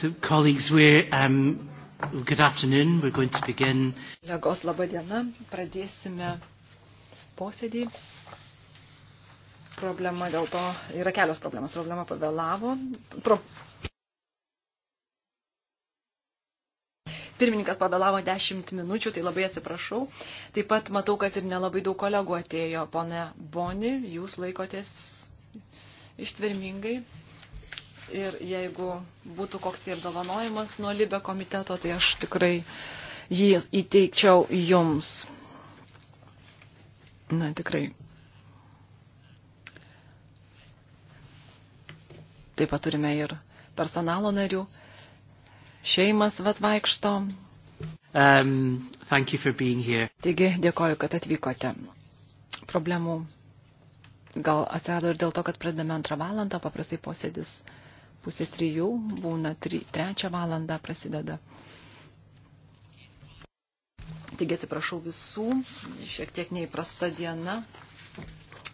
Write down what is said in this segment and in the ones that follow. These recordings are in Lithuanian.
So, colleagues, we're, um, good afternoon. We're going to begin. Legos, laba diena. Pradėsime posėdį. Problema dėl to, yra kelios problemas. Problema pavėlavo. Pro... Pirmininkas pavėlavo 10 minučių, tai labai atsiprašau. Taip pat matau, kad ir nelabai daug kolegų atėjo. Pone Boni, jūs laikotės ištvermingai. Ir jeigu būtų koks tai apdovanojimas nuo Libė komiteto, tai aš tikrai jį įteikčiau jums. Na, tikrai. Taip pat turime ir personalo narių. Šeimas vat vaikšto. Um, thank you for being here. Taigi, dėkoju, kad atvykote. Problemų gal atsirado ir dėl to, kad pradedame antrą valandą, paprastai posėdis pusės trijų, būna tri, trečią valandą prasideda. Taigi atsiprašau visų, šiek tiek neįprasta diena,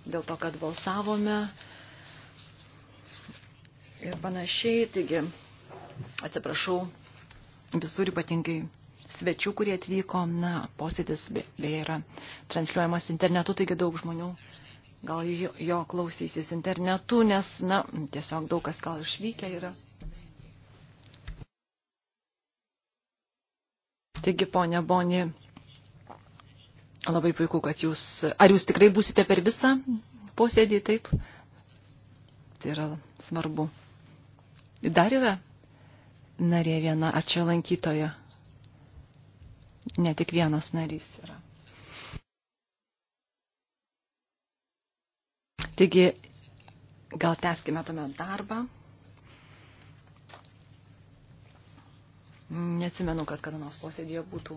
dėl to, kad balsavome ir panašiai. Taigi atsiprašau visur ypatingai svečių, kurie atvyko. Na, posėdis beje yra transliuojamas internetu, taigi daug žmonių gal jo, jo klausysis internetu, nes, na, tiesiog daug kas gal išvykę yra. Taigi, ponia Boni, labai puiku, kad jūs, ar jūs tikrai būsite per visą posėdį, taip? Tai yra svarbu. Dar yra narė viena, ar čia lankytoja? Ne tik vienas narys yra. Taigi, gal teskime tuomet darbą. Neatsimenu, kad kada nors posėdėje būtų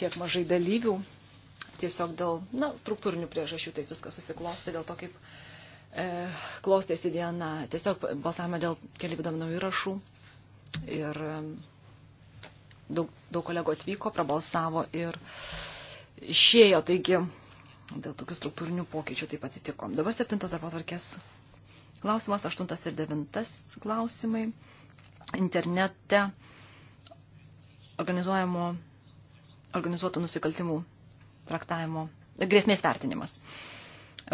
tiek mažai dalyvių. Tiesiog dėl na, struktūrinių priežasčių taip viskas susiklosti, dėl to, kaip e, klostėsi diena. Tiesiog balsavome dėl kelių įdomių įrašų. Ir e, daug, daug kolegų atvyko, prabalsavo ir išėjo. Taigi Dėl tokių struktūrinių pokyčių taip atsitiko. Dabar septintas darbo tvarkės klausimas, aštuntas ir devintas klausimai. Internete organizuojamo, organizuotų nusikaltimų traktavimo, grėsmės vertinimas.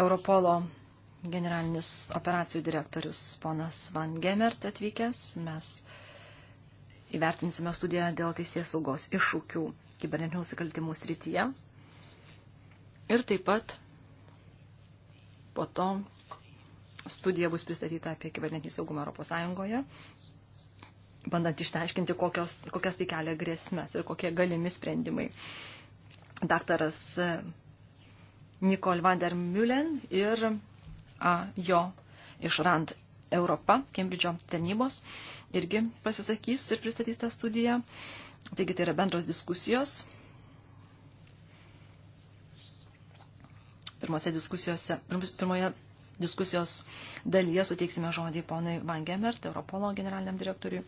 Europolo generalinis operacijų direktorius ponas Van Gemert atvykęs. Mes įvertinsime studiją dėl teisės saugos iššūkių kibernetinių nusikaltimų srityje. Ir taip pat po to studija bus pristatyta apie kibernetinį saugumą Europos Sąjungoje, bandant išteiškinti, kokios, kokias tai kelia grėsmės ir kokie galimi sprendimai. Daktaras e, Nikol van der Müllen ir a, jo iš RAND Europa, Kembridžio tarnybos, irgi pasisakys ir pristatys tą studiją. Taigi tai yra bendros diskusijos pirmose diskusijose, nu, pirmoje diskusijos dalyje suteiksime žodį ponui Van Gemert, Europolo generaliniam direktoriui,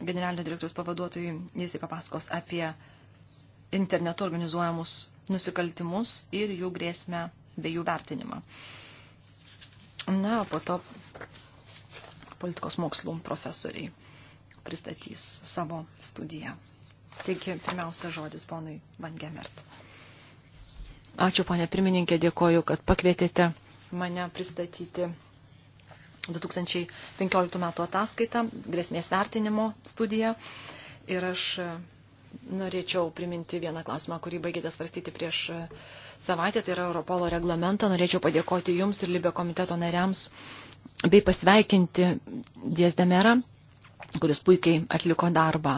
generalinio direktorius pavaduotojui. Jis papasakos apie internetu organizuojamus nusikaltimus ir jų grėsmę bei jų vertinimą. Na, o po to politikos mokslų profesoriai pristatys savo studiją. Taigi, pirmiausia žodis ponui Van Gemert. Ačiū, ponė pirmininkė, dėkoju, kad pakvietėte mane pristatyti 2015 metų ataskaitą, grėsmės vertinimo studiją. Ir aš norėčiau priminti vieną klausimą, kurį baigėte svarstyti prieš savaitę, tai yra Europolo reglamentą. Norėčiau padėkoti Jums ir Libio komiteto nariams bei pasveikinti Diezdemerą kuris puikiai atliko darbą,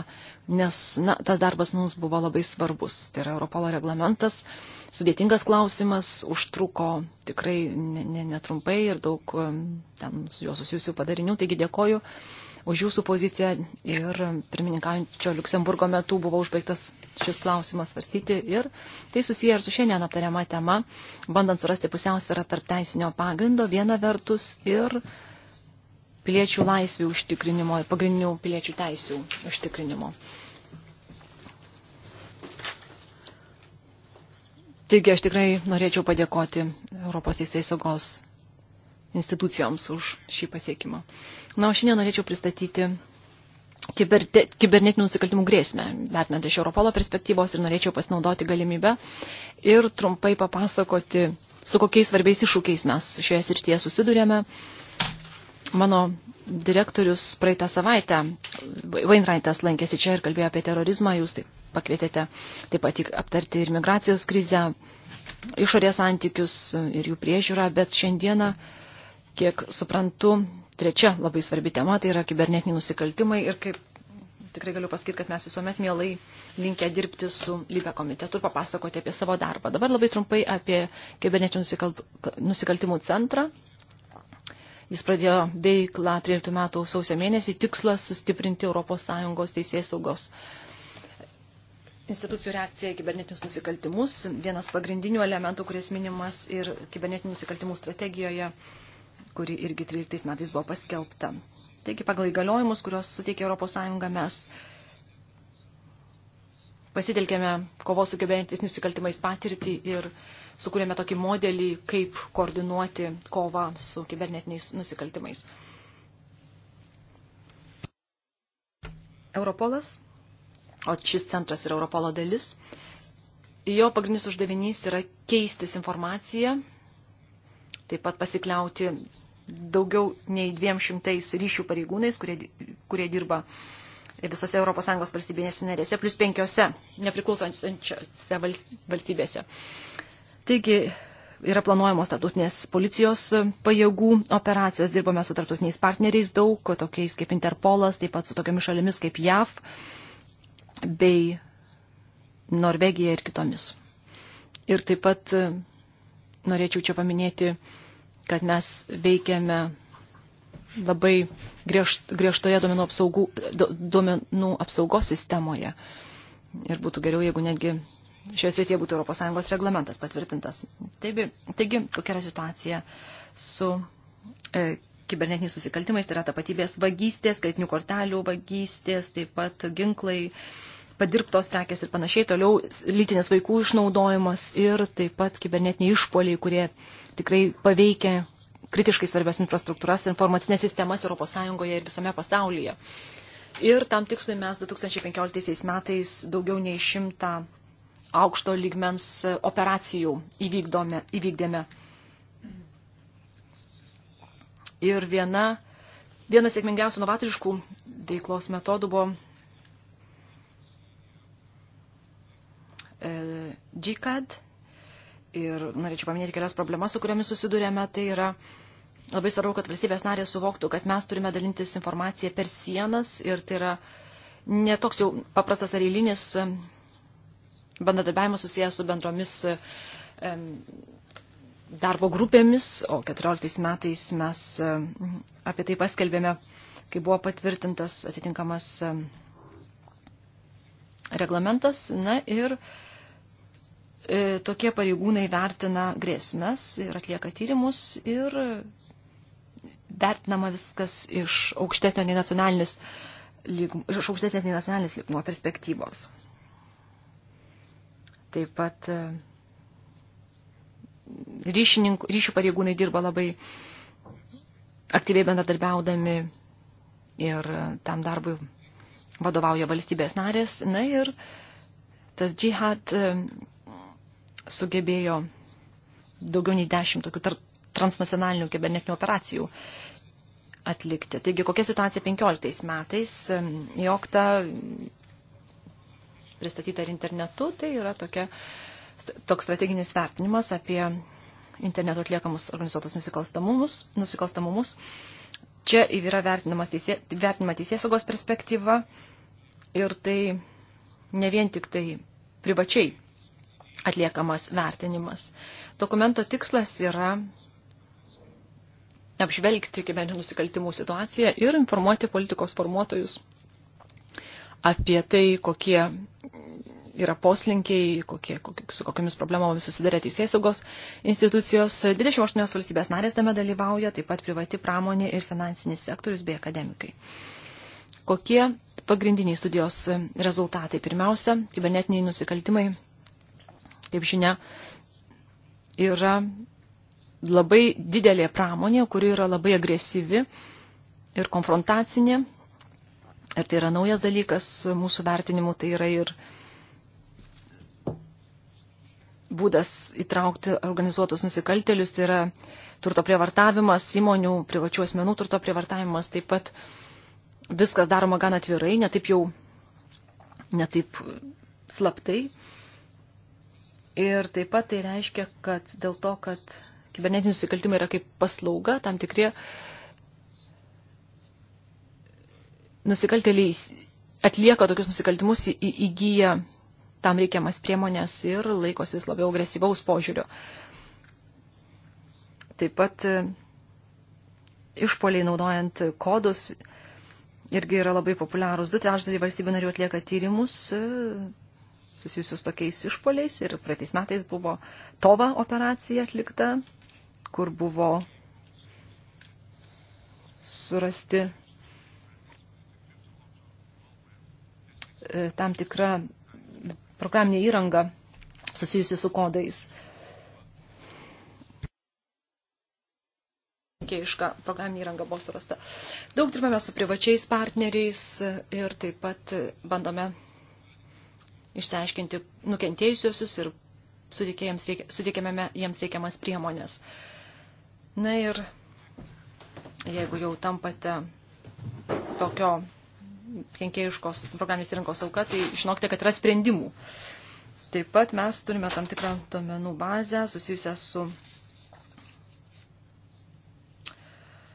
nes na, tas darbas mums buvo labai svarbus. Tai yra Europolo reglamentas, sudėtingas klausimas, užtruko tikrai netrumpai ne, ne ir daug um, ten su juo susijusių padarinių, taigi dėkoju už jūsų poziciją ir pirmininkaujančio Luksemburgo metu buvo užbaigtas šis klausimas svarstyti ir tai susiję ir su šiandien aptariama tema, bandant surasti pusiausvyrą tarp teisinio pagrindo viena vertus ir piliečių laisvių užtikrinimo ir pagrindinių piliečių teisių užtikrinimo. Taigi aš tikrai norėčiau padėkoti Europos teisės saugos institucijoms už šį pasiekimą. Na, o šiandien norėčiau pristatyti kiberte, kibernetinių nusikaltimų grėsmę, vertinant iš Europolo perspektyvos ir norėčiau pasinaudoti galimybę ir trumpai papasakoti, su kokiais svarbiais iššūkiais mes šioje srityje susidurėme Mano direktorius praeitą savaitę, Vainraitas lankėsi čia ir kalbėjo apie terorizmą, jūs taip pakvietėte taip pat aptarti ir migracijos krizę, išorės santykius ir jų priežiūrą, bet šiandieną, kiek suprantu, trečia labai svarbi tema, tai yra kibernetiniai nusikaltimai ir kaip tikrai galiu pasakyti, kad mes visuomet mielai linkę dirbti su Lybe komitetu ir papasakoti apie savo darbą. Dabar labai trumpai apie kibernetinių nusikalt... nusikaltimų centrą, Jis pradėjo veiklą 13 metų sausio mėnesį, tikslas sustiprinti ES teisės saugos institucijų reakcija į kibernetinius nusikaltimus. Vienas pagrindinių elementų, kuris minimas ir kibernetinių nusikaltimų strategijoje, kuri irgi 13 metais buvo paskelbta. Taigi pagal įgaliojimus, kuriuos suteikė ES, mes pasitelkėme kovos su kibernetiniais nusikaltimais patirtį ir uh, sukūrėme tokį modelį, kaip koordinuoti kovą su kibernetiniais nusikaltimais. Europolas, o šis centras yra Europolo dalis, jo pagrindinis uždavinys yra keistis informaciją, taip pat pasikliauti daugiau nei 200 ryšių pareigūnais, kurie, kurie dirba visose ES valstybinėse narėse, plus penkiose nepriklausančiose valstybėse. Taigi yra planuojamos tarptautinės policijos e, pajėgų operacijos, dirbame su tarptautiniais partneriais daug, tokiais kaip Interpolas, taip pat su tokiamis šalimis kaip JAV bei Norvegija ir kitomis. Ir taip pat e, norėčiau čia paminėti, kad mes veikiame labai griežt, griežtoje duomenų, apsaugų, duomenų apsaugos sistemoje. Ir būtų geriau, jeigu netgi šioje srityje būtų ES reglamentas patvirtintas. Taigi, taigi, kokia yra situacija su e, kibernetiniais susikaltimais, tai yra tapatybės vagystės, skaitinių kortelių vagystės, taip pat ginklai, padirbtos prekės ir panašiai, toliau lytinis vaikų išnaudojimas ir taip pat kibernetiniai išpoliai, kurie tikrai paveikia kritiškai svarbias infrastruktūras, informacinės sistemas ES ir visame pasaulyje. Ir tam tikslui mes 2015 metais daugiau nei šimtą aukšto lygmens e, operacijų įvykdome, įvykdėme. Ir viena, vienas sėkmingiausių novatoriškų veiklos metodų buvo e, GCAD. Ir norėčiau paminėti kelias problemas, su kuriomis susidurėme. Tai yra labai svarbu, kad valstybės narės suvoktų, kad mes turime dalintis informaciją per sienas ir tai yra netoks jau paprastas ar eilinis bendradarbiavimas susijęs su bendromis darbo grupėmis, o 14 metais mes apie tai paskelbėme, kai buvo patvirtintas atitinkamas reglamentas. Na ir e, tokie pareigūnai vertina grėsmes ir atlieka tyrimus ir vertinama viskas iš aukštesnio nei nacionalinis, iš aukštesnės nei nacionalinis lygmo perspektyvos. Taip pat e, ryšių pareigūnai dirba labai aktyviai bendradarbiaudami ir tam darbui vadovauja valstybės narės. Na ir tas džihad e, sugebėjo daugiau nei dešimt tokių transnacionalinių kibernetinių operacijų atlikti. Taigi, kokia situacija 15 metais? E, Jokta pristatyta ir internetu, tai yra tokia, toks strateginis vertinimas apie interneto atliekamus organizuotus nusikalstamumus. nusikalstamumus. Čia yra teisė, vertinima teisėsaugos perspektyva ir tai ne vien tik tai privačiai atliekamas vertinimas. Dokumento tikslas yra apžvelgti kibernetinių nusikaltimų situaciją ir informuoti politikos formuotojus apie tai, kokie yra poslinkiai, kokie, kokie, su kokiamis problemomis susidarė teisėsaugos institucijos. 28 valstybės narės tame dalyvauja, taip pat privati pramonė ir finansinis sektorius bei akademikai. Kokie pagrindiniai studijos rezultatai? Pirmiausia, kibernetiniai nusikaltimai, kaip žinia, yra labai didelė pramonė, kuri yra labai agresyvi ir konfrontacinė Ir tai yra naujas dalykas mūsų vertinimu, tai yra ir būdas įtraukti organizuotus nusikaltelius, tai yra turto prievartavimas, įmonių, privačių asmenų turto prievartavimas, taip pat viskas daroma gan atvirai, netaip jau, netaip slaptai. Ir taip pat tai reiškia, kad dėl to, kad kibernetiniai nusikaltimai yra kaip paslauga, tam tikrie uh, nusikaltėliai atlieka tokius nusikaltimus, įgyja tam reikiamas priemonės ir laikosis labiau agresyvaus požiūrio. Taip pat e, išpoliai naudojant kodus irgi yra labai populiarūs. Du trečdaliai valstybių narių atlieka tyrimus e, susijusius tokiais išpoliais ir praeitais metais buvo Tova operacija atlikta, kur buvo surasti E, tam tikra programinė įranga susijusi su kodais. Keiška programinė įranga buvo surasta. Daug dirbame su privačiais partneriais ir taip pat bandome išsiaiškinti nukentėjusiosius ir suteikėme jiems reikiamas priemonės. Na ir jeigu jau tampate tokio kenkėjiškos programinės rinkos auka, tai žinokite, kad yra sprendimų. Taip pat mes turime tam tikrą domenų bazę susijusią su,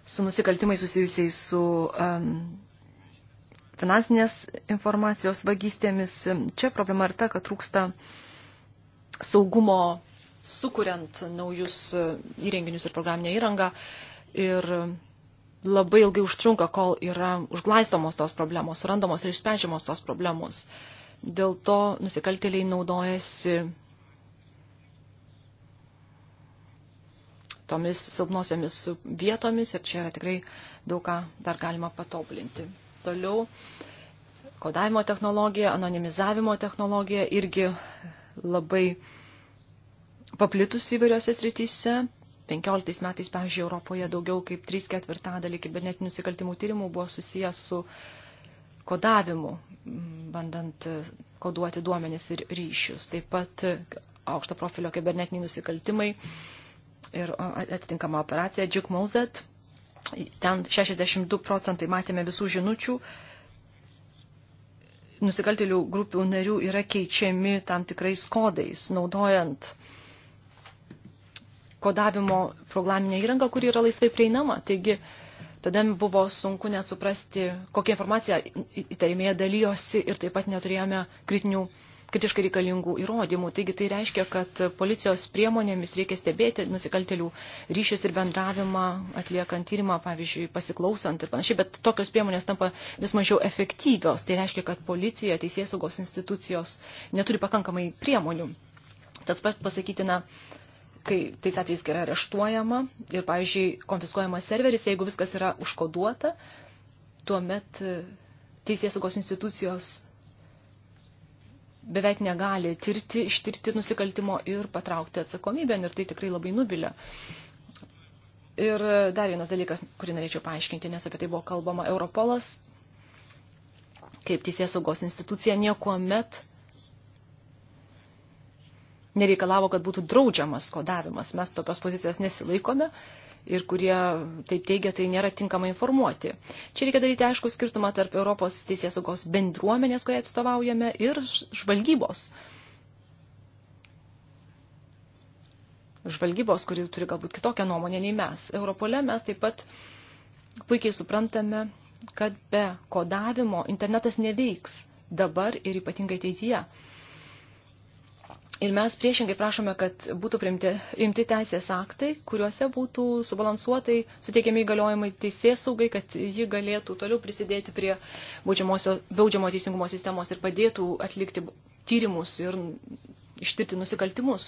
su nusikaltimai susijusiai su um, finansinės informacijos vagystėmis. Čia problema yra ta, kad trūksta saugumo sukuriant naujus įrenginius ir programinę įrangą. Ir labai ilgai užtrunka, kol yra užglaistomos tos problemos, surandamos ir išsprendžiamos tos problemos. Dėl to nusikaltėliai naudojasi tomis silpnosiomis vietomis ir čia yra tikrai daug ką dar galima patobulinti. Toliau kodavimo technologija, anonimizavimo technologija irgi labai paplitusi įvairiose srityse, 15 metais, pavyzdžiui, Europoje daugiau kaip 3 ketvirtadalį kibernetinių nusikaltimų tyrimų buvo susijęs su kodavimu, bandant koduoti duomenis ir ryšius. Taip pat aukšto profilio kibernetiniai nusikaltimai ir atitinkama operacija Duke Mozet. Ten 62 procentai matėme visų žinučių. Nusikaltėlių grupių narių yra keičiami tam tikrais kodais, naudojant uh, kodavimo programinę įrangą, kuri yra laisvai prieinama. Taigi, tada buvo sunku net suprasti, kokią informaciją įtarimėje dalyjosi ir taip pat neturėjome kritinių, kritiškai reikalingų įrodymų. Taigi tai reiškia, kad policijos priemonėmis reikia stebėti nusikaltelių ryšius ir bendravimą, atliekant tyrimą, pavyzdžiui, pasiklausant ir panašiai, bet tokios priemonės tampa vis mažiau efektyvios. Tai reiškia, kad policija, teisėsaugos institucijos neturi pakankamai priemonių. Tas pats pasakytina kai tais atvejais kai yra areštuojama ir, pavyzdžiui, konfiskuojamas serveris, jeigu viskas yra užkoduota, tuomet e, teisės saugos institucijos beveik negali tirti, ištirti nusikaltimo ir patraukti atsakomybę, ir tai tikrai labai nubilia. Ir e, dar vienas dalykas, kurį norėčiau paaiškinti, nes apie tai buvo kalbama Europolas, kaip teisės saugos institucija niekuomet met nereikalavo, kad būtų draudžiamas kodavimas. Mes tokios pozicijos nesilaikome ir kurie taip teigia, tai nėra tinkamai informuoti. Čia reikia daryti aišku skirtumą tarp Europos teisės saugos bendruomenės, kurią atstovaujame, ir žvalgybos. Žvalgybos, kuri turi galbūt kitokią nuomonę nei mes. Europole mes taip pat puikiai suprantame, kad be kodavimo internetas neveiks dabar ir ypatingai ateityje. Ir mes priešingai prašome, kad būtų priimti, rimti teisės aktai, kuriuose būtų subalansuotai suteikiami įgaliojimai teisės saugai, kad ji galėtų toliau prisidėti prie baudžiamo teisingumo sistemos ir padėtų atlikti tyrimus ir ištirti nusikaltimus,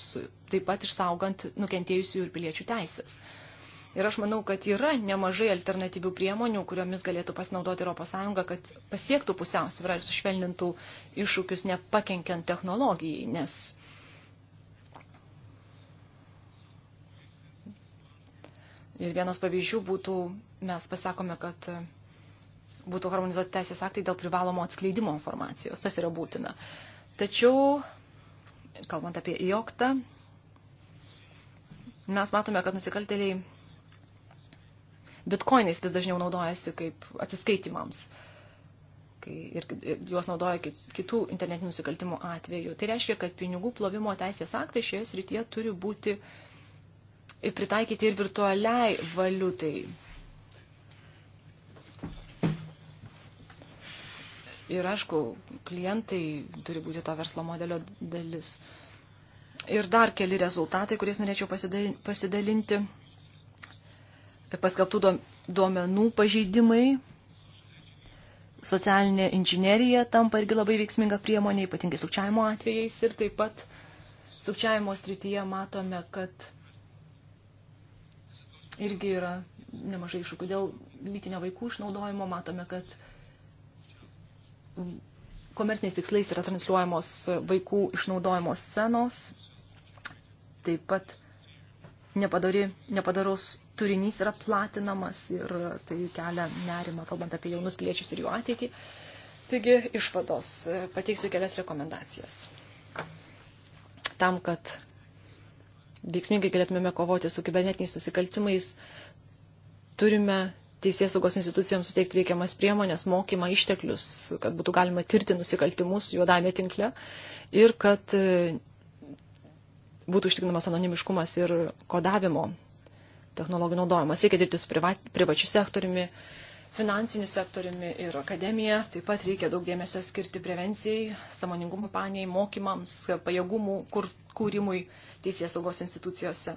taip pat išsaugant nukentėjusių ir piliečių teisės. Ir aš manau, kad yra nemažai alternatyvių priemonių, kuriomis galėtų pasinaudoti ES, kad pasiektų pusiausvyrą ir sušvelnintų iššūkius nepakenkiant technologijai, nes Ir vienas pavyzdžių būtų, mes pasakome, kad būtų harmonizuoti teisės aktai dėl privalomo atskleidimo informacijos. Tas yra būtina. Tačiau, kalbant apie įjoktą, mes matome, kad nusikaltėliai bitkoinais vis dažniau naudojasi kaip atsiskaitimams. Kai ir, ir juos naudoja kitų internetinių nusikaltimų atveju. Tai reiškia, kad pinigų plovimo teisės aktai šioje srityje turi būti uh, pritaikyti ir virtualiai valiutai. Ir aišku, klientai turi būti to verslo modelio dalis. Ir dar keli rezultatai, kuriais norėčiau pasidalinti. Paskelbtų duomenų pažeidimai, socialinė inžinierija tampa irgi labai veiksminga priemonė, ypatingai sukčiavimo atvejais ir taip pat sukčiavimo srityje matome, kad irgi yra nemažai iššūkių. Dėl lytinio vaikų išnaudojimo matome, kad komerciniais tikslais yra transliuojamos vaikų išnaudojimo scenos, taip pat nepadari, nepadaros turinys yra platinamas ir tai kelia nerimą, kalbant apie jaunus piliečius ir jų ateitį. Taigi, išvados. Pateiksiu kelias rekomendacijas. Tam, kad veiksmingai galėtumėme kovoti su kibernetiniais nusikaltimais, turime teisės saugos institucijoms suteikti reikiamas priemonės, mokymą, išteklius, kad būtų galima tirti nusikaltimus juodame tinkle ir kad e, būtų užtikrinamas anonimiškumas ir kodavimo technologijų naudojimas. Reikia dirbti su privačiu sektoriumi, finansiniu sektoriumi ir akademija. Taip pat reikia daug dėmesio skirti prevencijai, samoningumo paniai, mokymams, pajėgumų kur, kūrimui teisės saugos institucijose.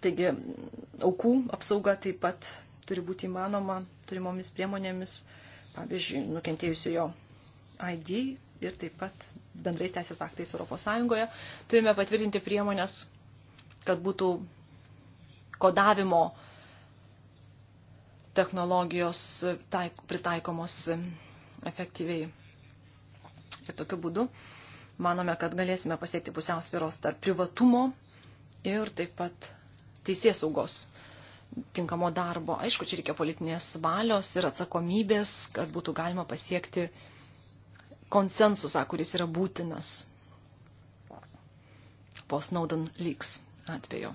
Taigi aukų apsauga taip pat turi būti įmanoma turimomis priemonėmis, pavyzdžiui, nukentėjusiojo ID ir taip pat bendrais teisės aktais Europos Sąjungoje. Turime patvirtinti priemonės, kad būtų kodavimo uh, technologijos taik, pritaikomos efektyviai. Ir tokiu būdu manome, kad galėsime pasiekti pusiausvėros tarp privatumo ir taip pat teisės saugos tinkamo darbo. Aišku, čia reikia politinės valios ir atsakomybės, kad būtų galima pasiekti konsensusą, kuris yra būtinas po Snowden Leaks atveju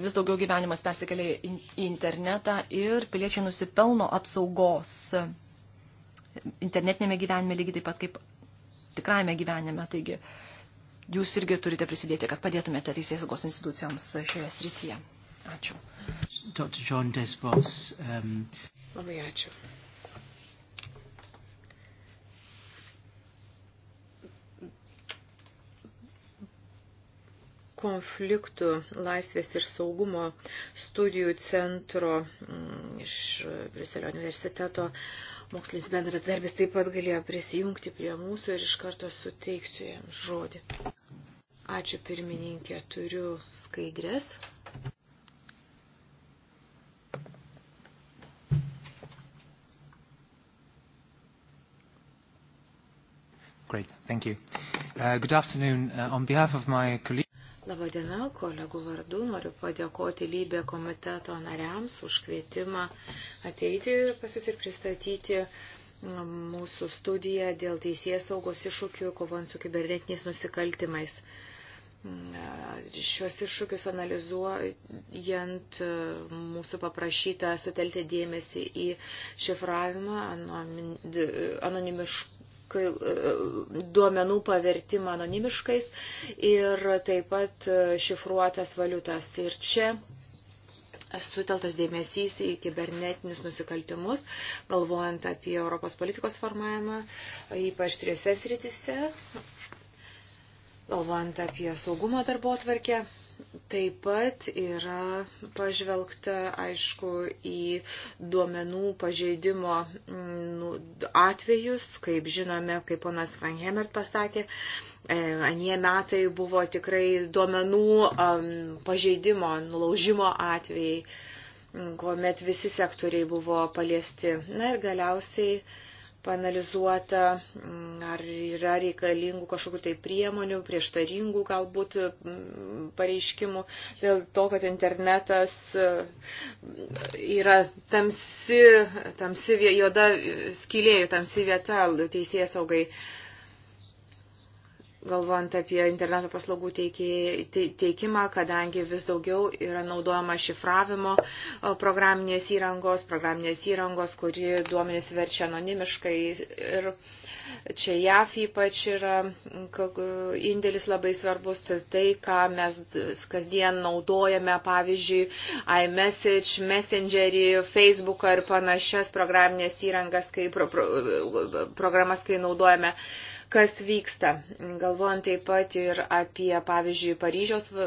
vis daugiau gyvenimas persikėlė į internetą ir piliečiai nusipelno apsaugos internetinėme gyvenime lygiai taip pat kaip tikrajame gyvenime. Taigi jūs irgi turite prisidėti, kad padėtumėte teisės saugos institucijoms šioje srityje. Ačiū. Dr. John Desbos. Um... Labai ačiū. konfliktų laisvės ir saugumo studijų centro mm, iš Briuselio universiteto mokslinis bendradarbis taip pat galėjo prisijungti prie mūsų ir iš karto suteiksiu jam žodį. Ačiū pirmininkė, turiu skaidrės. Great. Thank you. Uh, good afternoon. Uh, on behalf of my colleague... Labadiena, kolegų vardu, noriu padėkoti lybė komiteto nariams už kvietimą ateiti pas jūs ir pristatyti mūsų studiją dėl teisės saugos iššūkių kovant su kibernetiniais nusikaltimais. Šios iššūkius analizuojant mūsų paprašyta sutelti dėmesį į šifravimą, anonimiškumą E, duomenų pavertimą anonimiškais ir taip pat e, šifruotas valiutas. Ir čia suteltas dėmesys į kibernetinius nusikaltimus, galvojant apie Europos politikos formavimą, ypač trijose sritise, galvojant apie saugumo darbo atvarkę. Taip pat yra pažvelgta, aišku, į duomenų pažeidimo mm, nu, atvejus, kaip žinome, kaip ponas Franhemert pasakė, e, anie metai buvo tikrai duomenų pažeidimo, nulaužimo atvejai, mm, kuomet visi sektoriai buvo paliesti. Na ir galiausiai panalizuota, mm, ar yra reikalingų kažkokių tai priemonių, prieštaringų galbūt mm, pareiškimų dėl to, kad internetas mm, yra tamsi, tamsi juoda skylėjų, tamsi vieta teisėsaugai. saugai galvojant apie interneto paslaugų teikimą, kadangi vis daugiau yra naudojama šifravimo programinės įrangos, programinės įrangos, kuri duomenys verčia anonimiškai. Ir čia JAF ypač yra indėlis labai svarbus, tai, tai ką mes kasdien naudojame, pavyzdžiui, iMessage, Messengerį, Facebooką ir panašias programinės įrangas, kai pro, pro, programas, kai naudojame. Uh, kas vyksta. Galvojant taip pat ir apie, pavyzdžiui, Paryžiaus, e,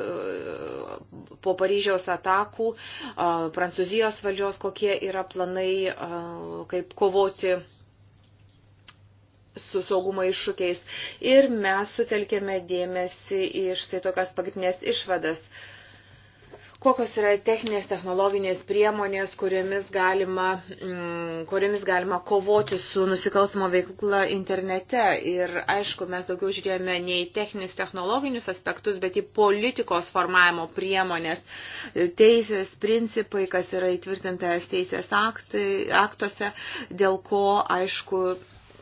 po Paryžiaus atakų, e, Prancūzijos valdžios, kokie yra planai, e, kaip kovoti su saugumo iššūkiais. Ir mes sutelkėme dėmesį iš tai tokias pagrindinės išvadas. Uh, kokios yra techninės technologinės priemonės, kuriomis galima, mm, kuriomis galima kovoti su nusikalstama veikla internete. Ir aišku, mes daugiau žiūrėjome ne į techninius technologinius aspektus, bet į politikos formavimo priemonės, teisės principai, kas yra įtvirtintas teisės aktai, aktuose, dėl ko, aišku,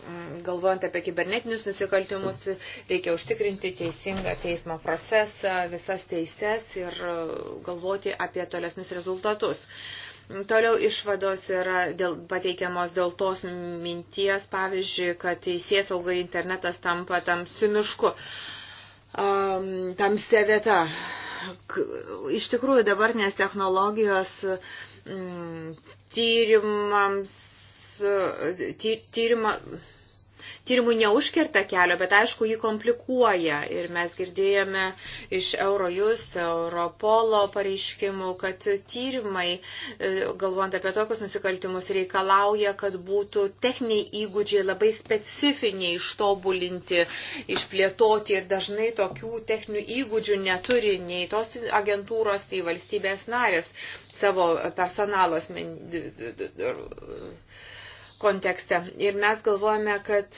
Mm, galvojant apie kibernetinius nusikaltimus, reikia užtikrinti teisingą teismo procesą, visas teises ir uh, galvoti apie tolesnius rezultatus. Toliau išvados yra dėl, pateikiamos dėl tos minties, pavyzdžiui, kad teisės saugai internetas tampa tamsiu mišku, um, tamsia vieta. Iš tikrųjų, dabartinės technologijos um, tyrimams ty, tyrimo, tyrimui neužkerta kelio, bet aišku, jį komplikuoja. Ir mes girdėjome iš Eurojust, Europolo pareiškimų, kad tyrimai, e, galvojant apie tokius nusikaltimus, reikalauja, kad būtų techniniai įgūdžiai labai specifiniai ištobulinti, išplėtoti ir dažnai tokių techninių įgūdžių neturi nei tos agentūros, nei valstybės narės savo personalos. Men kontekste. Ir mes galvojame, kad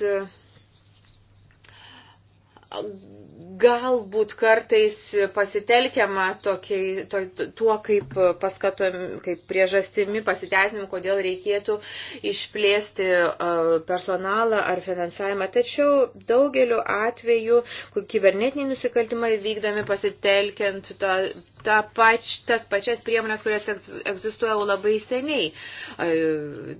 galbūt kartais pasitelkiama tokiai, to, tuo kaip paskatomi, kaip priežastimi pasiteisinimu, kodėl reikėtų išplėsti personalą ar finansavimą. Tačiau daugeliu atveju kibernetiniai nusikaltimai vykdomi pasitelkiant tą ta pač, tas pačias priemonės, kurias egzistuoja labai seniai. E,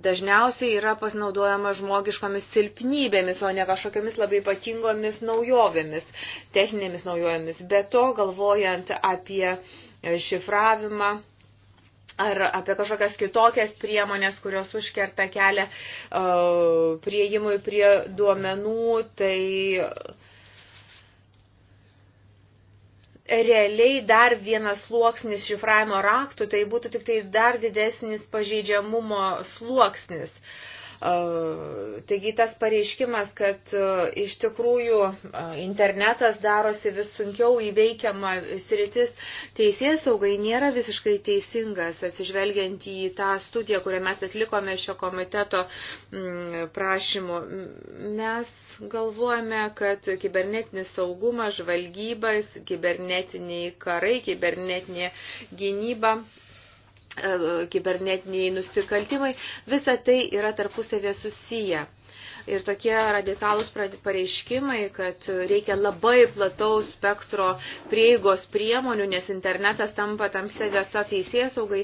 dažniausiai yra pasinaudojama žmogiškomis silpnybėmis, o ne kažkokiamis labai ypatingomis naujovėmis, techninėmis naujovėmis. Be to, galvojant apie šifravimą, ar apie kažkokias kitokias priemonės, kurios užkerta kelią uh, e, prieimui prie duomenų, tai realiai dar vienas sluoksnis šifravimo raktų, tai būtų tik tai dar didesnis pažeidžiamumo sluoksnis. Uh, Taigi tas pareiškimas, kad e, iš tikrųjų e, internetas darosi vis sunkiau įveikiama sritis teisės saugai nėra visiškai teisingas, atsižvelgiant į tą studiją, kurią mes atlikome šio komiteto mm, prašymu. Mes galvojame, kad kibernetinis saugumas, žvalgybas, kibernetiniai karai, kibernetinė gynyba E, kibernetiniai nusikaltimai, visa tai yra tarpusavė susiję. Ir tokie radikalūs pareiškimai, kad reikia labai plataus spektro prieigos priemonių, nes internetas tampa tamsia vieta teisės saugai,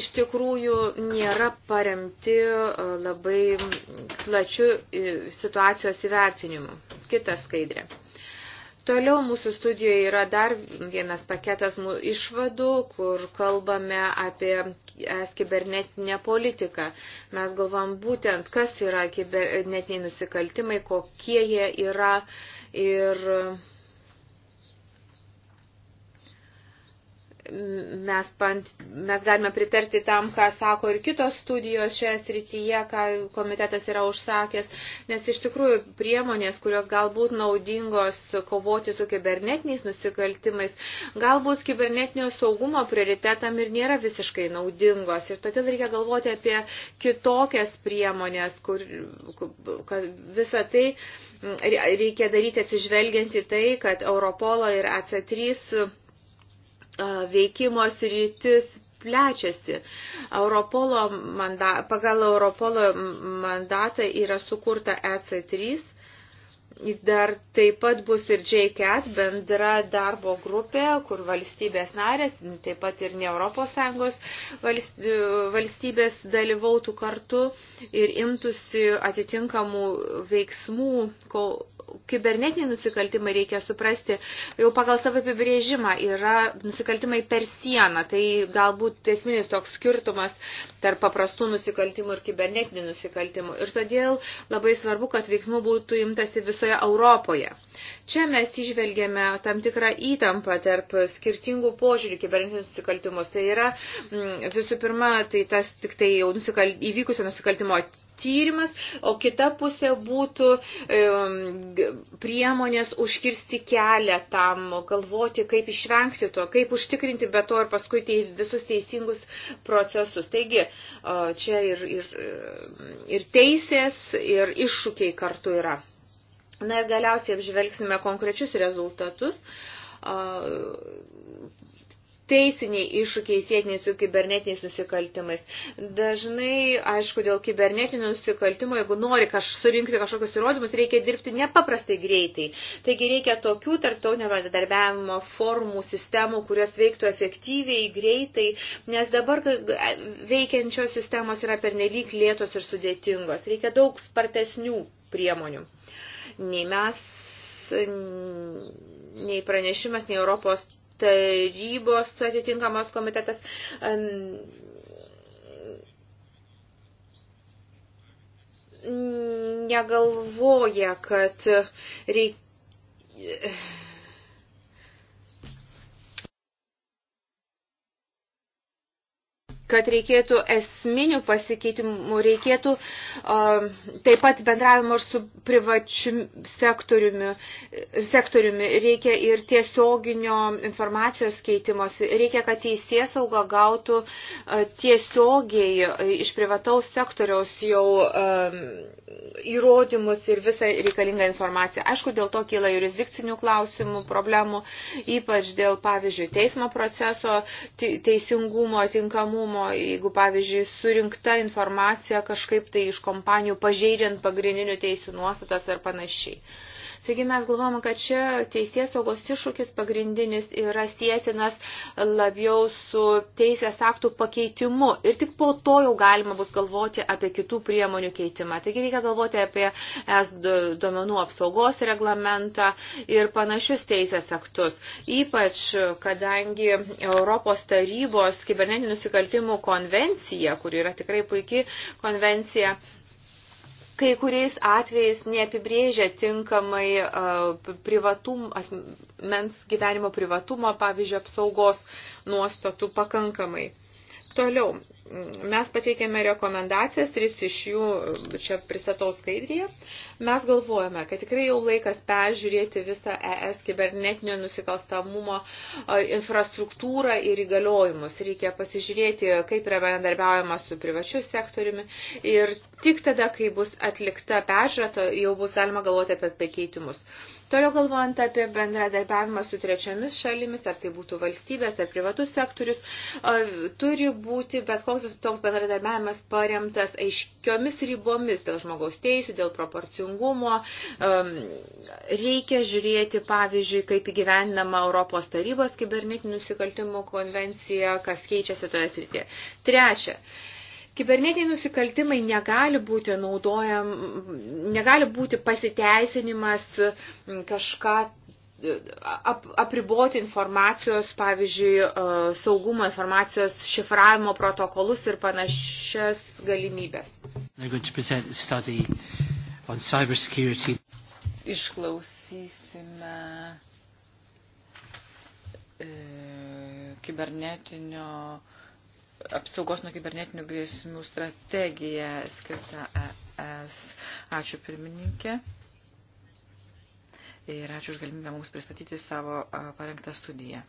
iš tikrųjų nėra paremti e, labai plačių e, situacijos įvertinimu. Kita skaidrė. Toliau mūsų studijoje yra dar vienas paketas išvadų, kur kalbame apie es kibernetinę politiką. Mes galvam būtent, kas yra kibernetiniai nusikaltimai, kokie jie yra ir mes, pant, mes galime pritarti tam, ką sako ir kitos studijos šioje srityje, ką komitetas yra užsakęs, nes iš tikrųjų priemonės, kurios galbūt naudingos kovoti su kibernetiniais nusikaltimais, galbūt kibernetinio saugumo prioritetam ir nėra visiškai naudingos. Ir todėl reikia galvoti apie kitokias priemonės, kur, kad visą tai reikia daryti atsižvelgiant į tai, kad Europolo ir AC3 veikimo sritis plečiasi. Europolo manda, pagal Europolo mandatą yra sukurta EC3 dar taip pat bus ir JCAT bendra darbo grupė, kur valstybės narės, taip pat ir ne ES valstybės dalyvautų kartu ir imtųsi atitinkamų veiksmų kibernetiniai nusikaltimai, reikia suprasti, jau pagal savo apibrėžimą yra nusikaltimai per sieną. Tai galbūt esminis toks skirtumas tarp paprastų nusikaltimų ir kibernetinių nusikaltimų. Ir todėl labai svarbu, kad veiksmų būtų imtasi visoje Europoje. Čia mes išvelgėme tam tikrą įtampą tarp skirtingų požiūrių kibernetinius nusikaltimus. Tai yra mm, visų pirma, tai tas tik tai jau nusikal, įvykusio nusikaltimo tyrimas, o kita pusė būtų priemonės užkirsti kelią tam, galvoti, kaip išvengti to, kaip užtikrinti be to ir paskui tai visus teisingus procesus. Taigi čia ir, ir, ir teisės, ir iššūkiai kartu yra. Na ir galiausiai apžvelgsime konkrečius rezultatus teisiniai iššūkiai sėtiniai su kibernetiniais nusikaltimais. Dažnai, aišku, dėl kibernetinio nusikaltimo, jeigu nori kaž, surinkti kažkokius įrodymus, reikia dirbti nepaprastai greitai. Taigi reikia tokių tarptautinio bendradarbiavimo formų, sistemų, kurios veiktų efektyviai, greitai, nes dabar veikiančios sistemos yra pernelyg lėtos ir sudėtingos. Reikia daug spartesnių priemonių. Nei mes, nei pranešimas, nei Europos tarybos atitinkamos komitetas. Negalvoja, kad reikia kad reikėtų esminių pasikeitimų, reikėtų uh, taip pat bendravimo ir su privačiu sektoriumi, sektoriumi, reikia ir tiesioginio informacijos keitimosi, reikia, kad teisės auga gautų uh, tiesiogiai iš privataus sektoriaus jau uh, įrodymus ir visą reikalingą informaciją. Aišku, dėl to kyla jurisdikcinių klausimų, problemų, ypač dėl, pavyzdžiui, teismo proceso, teisingumo, tinkamumo tyrimo, jeigu, pavyzdžiui, surinkta informacija kažkaip tai iš kompanijų pažeidžiant pagrindinių teisų nuostatas ar panašiai. Uh, Taigi mes galvojame, kad čia teisės saugos iššūkis pagrindinis yra sėtinas labiau su teisės aktų pakeitimu ir tik po to jau galima bus galvoti apie kitų priemonių keitimą. Taigi reikia galvoti apie es duomenų apsaugos reglamentą ir panašius teisės aktus. Ypač, kadangi Europos tarybos kibernetinių nusikaltimų konvencija, kuri yra tikrai puikiai konvencija, kai kuriais atvejais neapibrėžia tinkamai privatum, asmens gyvenimo privatumo, pavyzdžiui, apsaugos nuostatų pakankamai. Toliau, Mes pateikėme rekomendacijas, tris iš jų čia pristatau skaidrėje. Mes galvojame, kad tikrai jau laikas peržiūrėti visą ES kibernetinio nusikalstamumo infrastruktūrą ir įgaliojimus. Reikia pasižiūrėti, kaip yra bendarbiaujama su privačiu sektoriumi. Ir tik tada, kai bus atlikta peržiūra, jau bus galima galvoti apie pakeitimus. Toliau galvojant apie bendradarbiavimą su trečiomis šalimis, ar tai būtų valstybės, ar privatus sektorius, turi būti bet koks toks, toks bendradarbiavimas paremtas aiškiomis ribomis dėl žmogaus teisų, dėl proporcingumo. Um, reikia žiūrėti, pavyzdžiui, kaip įgyvendinama Europos tarybos kibernetinių nusikaltimų konvencija, kas keičiasi toje srityje. Trečia. Kibernetiniai nusikaltimai negali būti naudojam, negali būti pasiteisinimas kažką ap, apriboti informacijos, pavyzdžiui, e, saugumo informacijos šifravimo protokolus ir panašias galimybės. Išklausysime e, kibernetinio apsaugos nuo kibernetinių grėsmių strategiją skirtą ES. Ačiū pirmininkė ir ačiū už galimybę mums pristatyti savo parengtą studiją.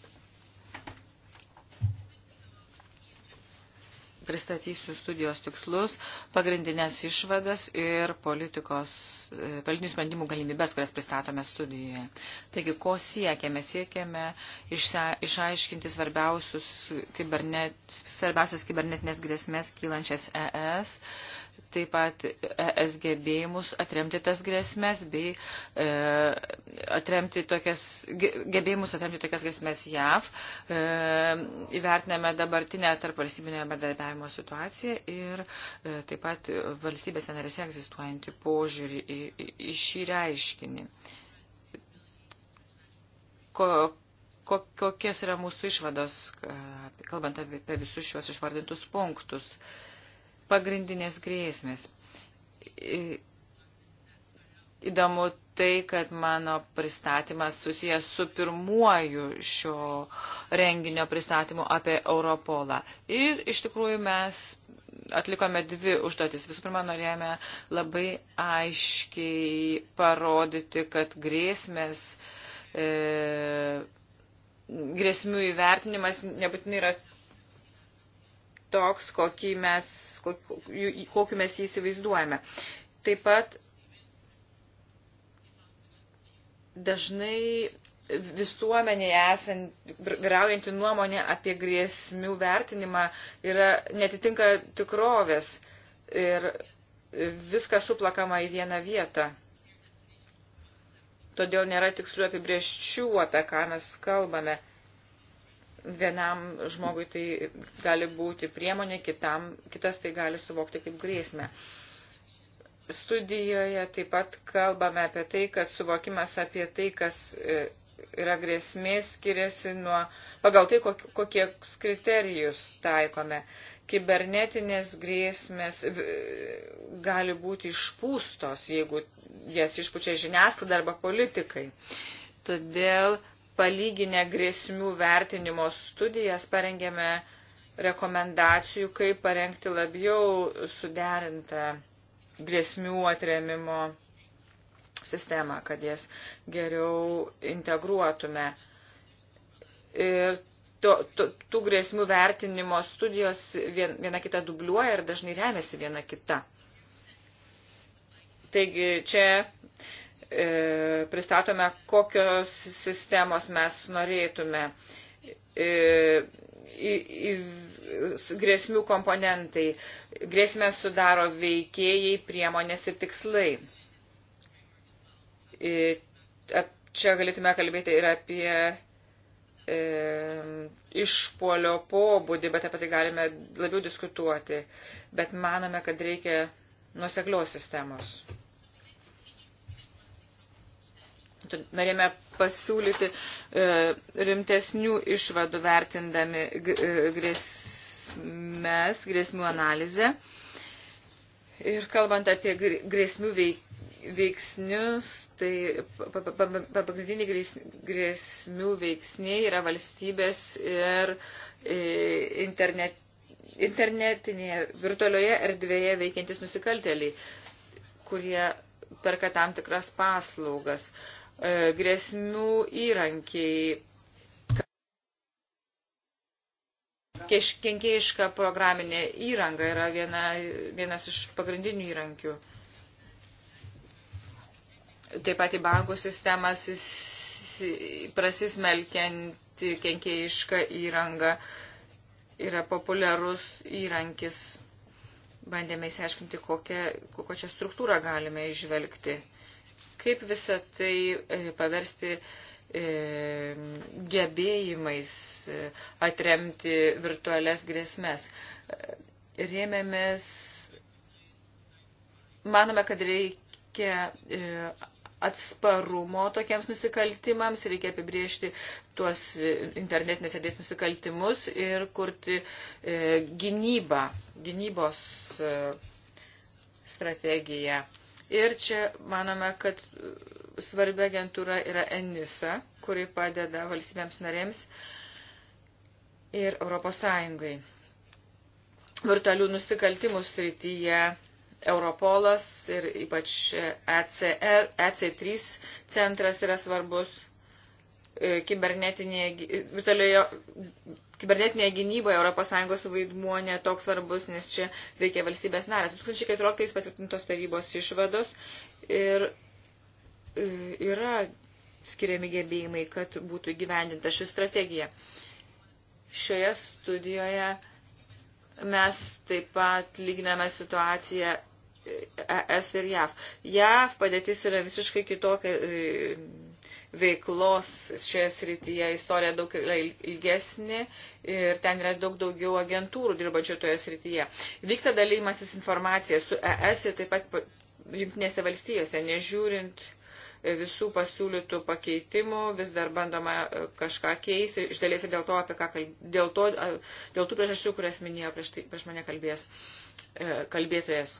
Pristatysiu studijos tikslus, pagrindinės išvadas ir politikos, e, politinių sprendimų galimybės, kurias pristatome studijoje. Taigi, ko siekėme? Siekėme išsia, išaiškinti svarbiausias kibernet, svarbiausias kibernetinės grėsmės kylančias ES, taip pat ES gebėjimus atremti tas grėsmės bei e, atremti tokias, gebėjimus atremti tokias grėsmės JAV. E, įvertiname dabartinę tarp valstybinio bendradarbiavimo situaciją ir e, taip pat valstybės narėse egzistuojantį požiūrį į, į, į šį reiškinį. Ko, ko, kokios yra mūsų išvados, kalbant apie visus šios išvardintus punktus. E, pagrindinės grėsmės. Įdomu tai, kad mano pristatymas susijęs su pirmuoju šio renginio pristatymu apie Europolą. Ir iš tikrųjų mes atlikome dvi užduotis. Visų pirma, norėjome labai aiškiai parodyti, kad grėsmės. E, grėsmių įvertinimas nebūtinai yra toks, kokį mes, kokiu mes jį įsivaizduojame. Taip pat dažnai visuomenėje esant vyraujanti nuomonė apie grėsmių vertinimą yra netitinka tikrovės ir viskas suplakama į vieną vietą. Todėl nėra tikslių apibrieščių, apie ką mes kalbame vienam žmogui tai gali būti priemonė, kitam, kitas tai gali suvokti kaip grėsmę. Studijoje taip pat kalbame apie tai, kad suvokimas apie tai, kas e, yra grėsmė, skiriasi nuo pagal tai, kokie kriterijus taikome. Kibernetinės grėsmės e, gali būti išpūstos, jeigu jas išpučia žiniasklaida arba politikai. Todėl palyginę grėsmių vertinimo studijas parengėme rekomendacijų, kaip parengti labiau suderintą grėsmių atremimo sistemą, kad jas geriau integruotume. Ir to, to, tų grėsmių vertinimo studijos vien, viena kita dubliuoja ir dažnai remiasi viena kita. Taigi čia E, pristatome, kokios sistemos mes norėtume. E, į, į, grėsmių komponentai. Grėsmę sudaro veikėjai, priemonės ir tikslai. Ir e, čia galėtume kalbėti ir apie e, išpolio pobūdį, bet apie tai galime labiau diskutuoti. Bet manome, kad reikia nuseklios sistemos. norėjome pasiūlyti e, rimtesnių išvadų vertindami e, grėsmės, grėsmių analizę. Ir kalbant apie grėsmių veiksnius, tai pagrindiniai grėsmių veiksniai yra valstybės ir e, internet, internetinėje virtualioje erdvėje veikiantis nusikaltėliai, kurie perka tam tikras paslaugas. E, grėsmių įrankiai, kenkėjiška programinė įranga yra viena, vienas iš pagrindinių įrankių. Taip pat į bankų sistemas prasismelkianti kenkėjiška įranga yra populiarus įrankis. Bandėme įsiaiškinti, kokią, kokią čia struktūrą galime išvelgti. Kaip visą tai e, paversti e, gebėjimais e, atremti virtualias grėsmės. Rėmėmės, manome, kad reikia atsparumo tokiems nusikaltimams, reikia apibriežti tuos internetinės erdvės nusikaltimus ir kurti gynybą, gynybos strategiją. Ir čia manome, kad svarbi agentūra yra ENISA, kuri padeda valstybėms narėms ir Europos Sąjungai. Virtualių nusikaltimų srityje Europolas ir ypač ECR, EC3 centras yra svarbus kibernetinėje virtualioje kibernetinėje gynyboje ES vaidmuo netoks svarbus, nes čia veikia valstybės narės. 2014 patvirtintos tarybos išvados ir e, yra skiriami gebėjimai, kad būtų įgyvendinta ši strategija. Šioje studijoje mes taip pat lyginame situaciją ES e ir JAV. JAV padėtis yra visiškai kitokia e, veiklos šioje srityje istorija daug yra ilgesnė ir ten yra daug daugiau agentūrų dirbančių toje srityje. Vyksta dalymasis informacija su ES ir taip pat jungtinėse valstijose, nežiūrint visų pasiūlytų pakeitimų, vis dar bandoma e, kažką keisti, iš dalies dėl to, apie ką kalb... dėl, to, dėl tų priežasčių, kurias minėjo prieš, tai, prieš mane kalbės, e, kalbėtojas.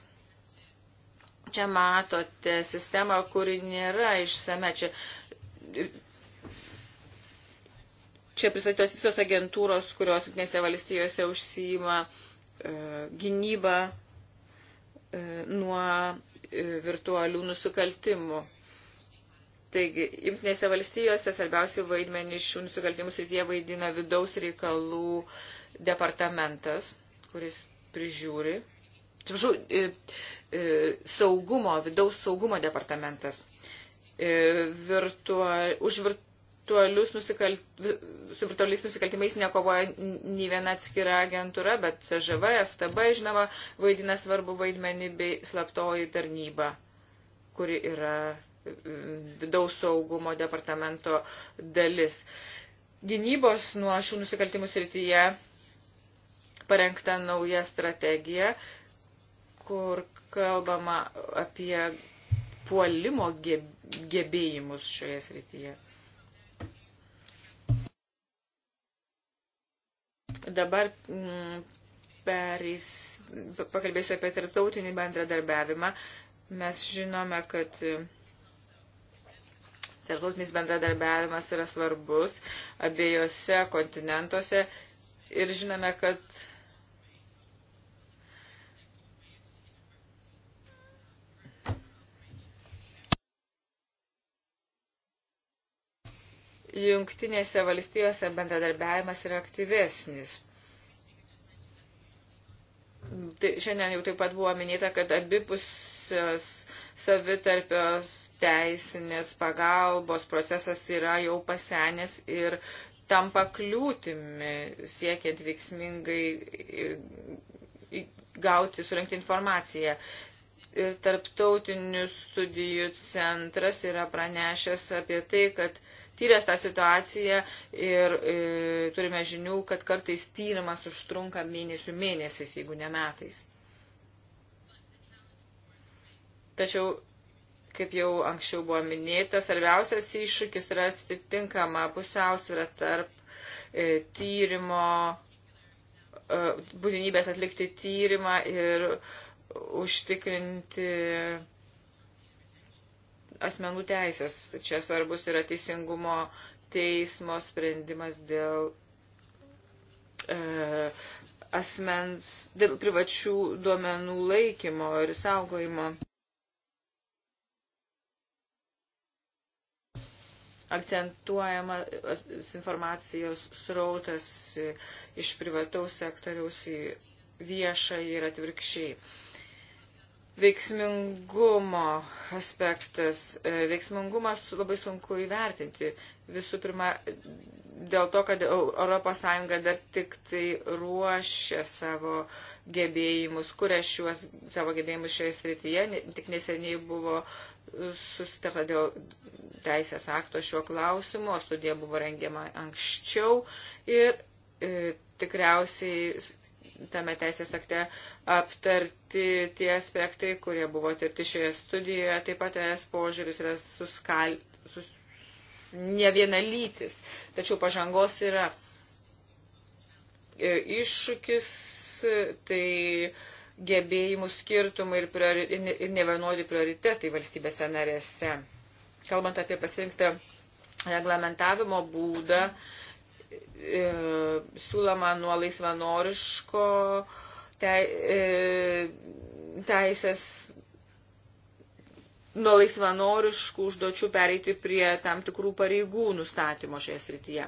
Čia matote sistemą, kuri nėra išsame, čia čia pristatytos visos agentūros, kurios jungtinėse valstijose užsijima e, gynybą e, nuo e, virtualių nusikaltimų. Taigi, jungtinėse valstijose svarbiausi vaidmenį šių nusikaltimų srityje vaidina vidaus reikalų departamentas, kuris prižiūri. Atsiprašau, saugumo, vidaus saugumo departamentas. E, virtua, už virtualių virtualius nusikalt, su virtualiais nusikaltimais nekovoja nei viena atskira agentūra, bet CŽV, FTB, žinoma, vaidina svarbu vaidmenį bei slaptoji tarnyba, kuri yra e, vidaus saugumo departamento dalis. Gynybos nuo šių nusikaltimų srityje parengta nauja strategija, kur kalbama apie puolimo gebėjimus šioje srityje. Dabar mm, perės, pakalbėsiu apie tarptautinį bendradarbiavimą. Mes žinome, kad e, tarptautinis bendradarbiavimas yra svarbus abiejose kontinentuose ir žinome, kad jungtinėse valstijose bendradarbiavimas yra aktyvesnis. Tai šiandien jau taip pat buvo minėta, kad abipusios savitarpios teisinės pagalbos procesas yra jau pasenęs ir tampa kliūtimi siekiant veiksmingai e, gauti, surinkti informaciją ir tarptautinių studijų centras yra pranešęs apie tai, kad tyręs tą situaciją ir e, turime žinių, kad kartais tyrimas užtrunka mėnesių mėnesiais, jeigu ne metais. Tačiau, kaip jau anksčiau buvo minėta, svarbiausias iššūkis rasti tinkamą pusiausvyrą tarp e, tyrimo, e, būtinybės atlikti tyrimą ir užtikrinti asmenų teisės. Čia svarbus yra teisingumo teismo sprendimas dėl e, asmens, dėl privačių duomenų laikymo ir saugojimo. Akcentuojama informacijos srautas iš privataus sektoriaus į viešą ir atvirkščiai. E, Veiksmingumo aspektas. E, Veiksmingumas labai sunku įvertinti. Visų pirma, dėl to, kad ES dar tik tai ruošia savo gebėjimus, kuria šiuos savo gebėjimus šioje srityje. Tik neseniai buvo susitarta dėl teisės akto šiuo klausimu, studija buvo rengiama anksčiau ir e, tikriausiai tame teisės akte aptarti tie aspektai, kurie buvo tirti šioje studijoje. Taip pat es požiūris yra suskal, sus, ne vienalytis, tačiau pažangos yra e, iššūkis, tai gebėjimų skirtumai ir, priori, ir nevienodi prioritetai valstybėse narėse. Kalbant apie pasirinktą reglamentavimo būdą, e, siūloma nuo laisvanoriško te, e, teisės nuo laisvanoriškų užduočių pereiti prie tam tikrų pareigų nustatymo šioje srityje.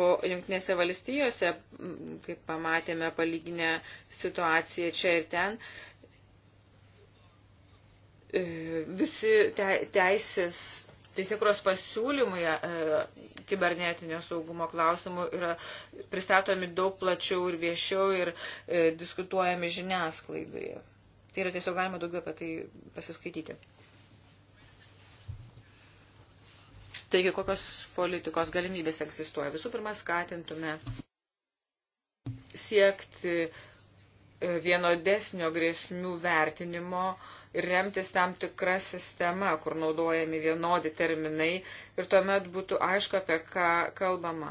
O Junktinėse valstijose, kaip pamatėme palyginę situaciją čia ir ten, e, visi teisės teisėkuros pasiūlymai e, kibernetinio saugumo klausimų yra pristatomi daug plačiau ir viešiau ir e, diskutuojami žiniasklaidoje. Tai yra tiesiog galima daugiau apie tai pasiskaityti. Taigi, kokios politikos galimybės egzistuoja? Visų pirma, skatintume siekti E, vienodesnio grėsmių vertinimo ir remtis tam tikrą sistemą, kur naudojami vienodi terminai ir tuomet būtų aišku, apie ką kalbama.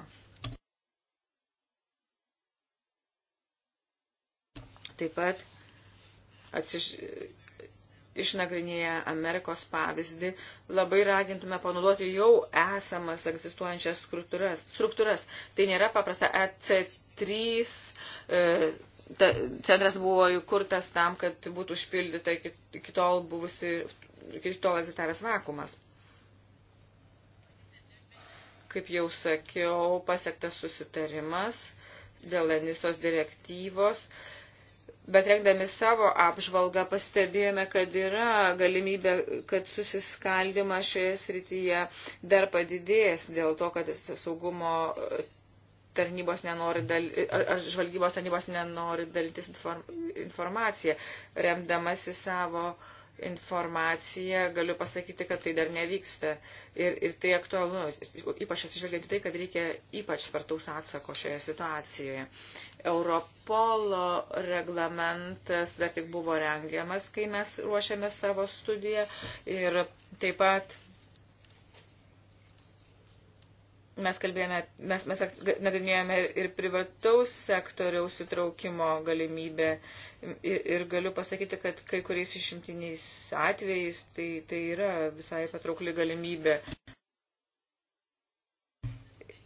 Taip pat atsiž... išnagrinėję Amerikos pavyzdį, labai ragintume panaudoti jau esamas egzistuojančias struktūras. struktūras. Tai nėra paprasta EC3 e, ta, centras buvo įkurtas tam, kad būtų užpildyta iki, iki tol buvusi, iki tol egzistavęs vakumas. Kaip jau sakiau, pasiektas susitarimas dėl Enisos direktyvos, bet rengdami savo apžvalgą pastebėjome, kad yra galimybė, kad susiskaldimas šioje srityje dar padidės dėl to, kad saugumo tarnybos nenori dal, ar, ar žvalgybos tarnybos nenori dalytis inform, informaciją. Remdamasi savo informaciją galiu pasakyti, kad tai dar nevyksta. Ir, ir tai aktualu, ypač atsižvelgiant tai, kad reikia ypač spartaus atsako šioje situacijoje. Europolo reglamentas dar tik buvo rengiamas, kai mes ruošiame savo studiją. Ir taip pat mes kalbėjome, mes, mes nagrinėjome ir privataus sektoriaus įtraukimo galimybę ir, ir galiu pasakyti, kad kai kuriais išimtiniais atvejais tai, tai yra visai patraukli galimybė.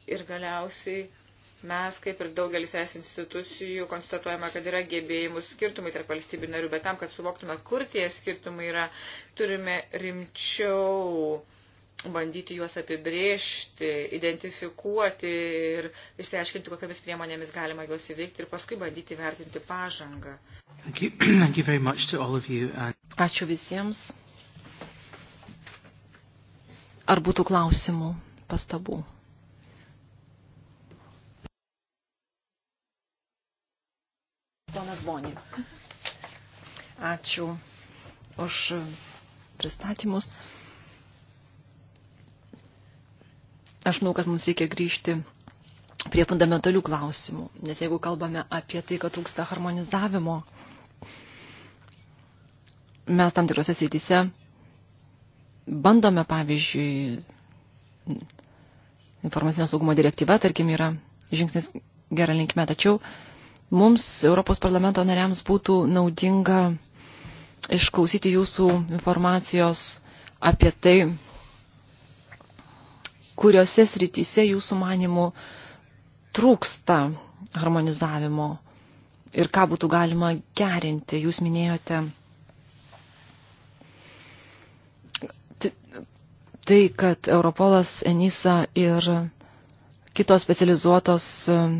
Ir galiausiai mes, kaip ir daugelis es institucijų, konstatuojame, kad yra gebėjimų skirtumai tarp valstybių narių, bet tam, kad suvoktume, kur tie skirtumai yra, turime rimčiau bandyti juos apibrėžti, identifikuoti ir išsiaiškinti, kokiamis priemonėmis galima juos įveikti ir paskui bandyti vertinti pažangą. Thank you. Thank you very much to all of you. And... Uh, Ačiū visiems. Ar būtų klausimų, pastabų? Ponas Boni. Ačiū už pristatymus. Aš manau, kad mums reikia grįžti prie fundamentalių klausimų, nes jeigu kalbame apie tai, kad trūksta harmonizavimo, mes tam tikrose srityse bandome, pavyzdžiui, informacinio saugumo direktyva, tarkim, yra žingsnis gerą linkme, tačiau mums, Europos parlamento nariams, būtų naudinga išklausyti jūsų informacijos apie tai, kuriuose srityse jūsų manimų trūksta harmonizavimo ir ką būtų galima gerinti. Jūs minėjote tai, kad Europolas, Enisa ir kitos specializuotos um,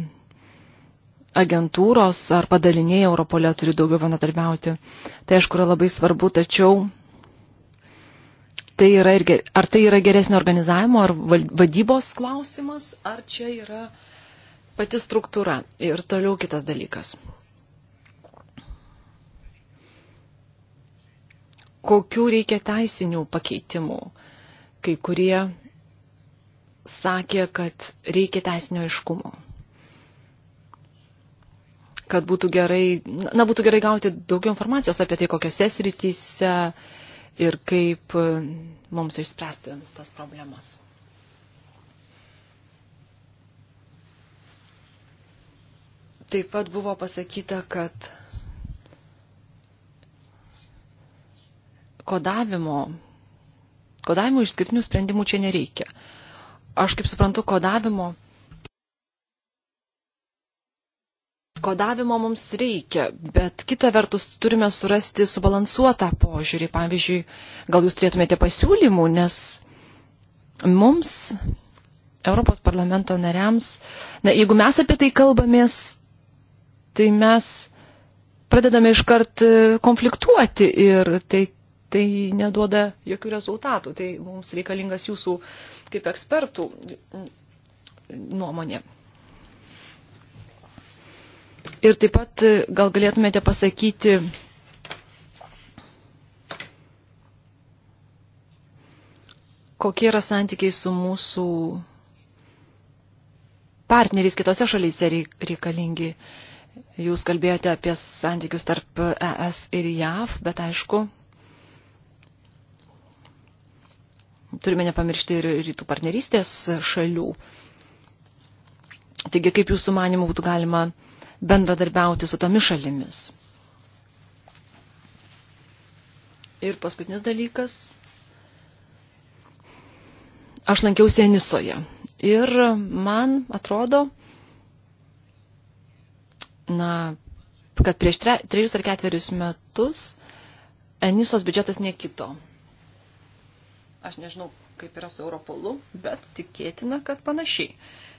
agentūros ar padaliniai Europolė turi daugiau vienatarbiauti. Tai aišku yra labai svarbu, tačiau tai yra irgi, ar tai yra geresnio organizavimo, ar vadybos klausimas, ar čia yra pati struktūra. Ir toliau kitas dalykas. Kokių reikia teisinių pakeitimų? Kai kurie sakė, kad reikia teisinio iškumo kad būtų gerai, na, būtų gerai gauti daugiau informacijos apie tai, kokiose srityse ir kaip e, mums išspręsti tas problemas. Taip pat buvo pasakyta, kad kodavimo, kodavimo išskirtinių sprendimų čia nereikia. Aš kaip suprantu, kodavimo kodavimo mums reikia, bet kita vertus turime surasti subalansuotą požiūrį. Pavyzdžiui, gal jūs turėtumėte pasiūlymų, nes mums, Europos parlamento nariams, na, jeigu mes apie tai kalbamės, tai mes pradedame iškart e, konfliktuoti ir tai, tai neduoda jokių rezultatų. Tai mums reikalingas jūsų kaip ekspertų nuomonė. Ir taip pat e, gal galėtumėte pasakyti, kokie yra santykiai su mūsų partneriais kitose šalyse reikalingi. Jūs kalbėjote apie santykius tarp ES ir JAV, bet aišku, turime nepamiršti ir rytų partnerystės šalių. Taigi, kaip jūsų manimų būtų galima bendradarbiauti su tomis šalimis. Ir paskutinis dalykas. Aš lankiausi Enisoje. Ir man atrodo, na, kad prieš tre, trejus ar ketverius metus Enisos biudžetas nekito. Aš nežinau, kaip yra su Europolu, bet tikėtina, kad panašiai.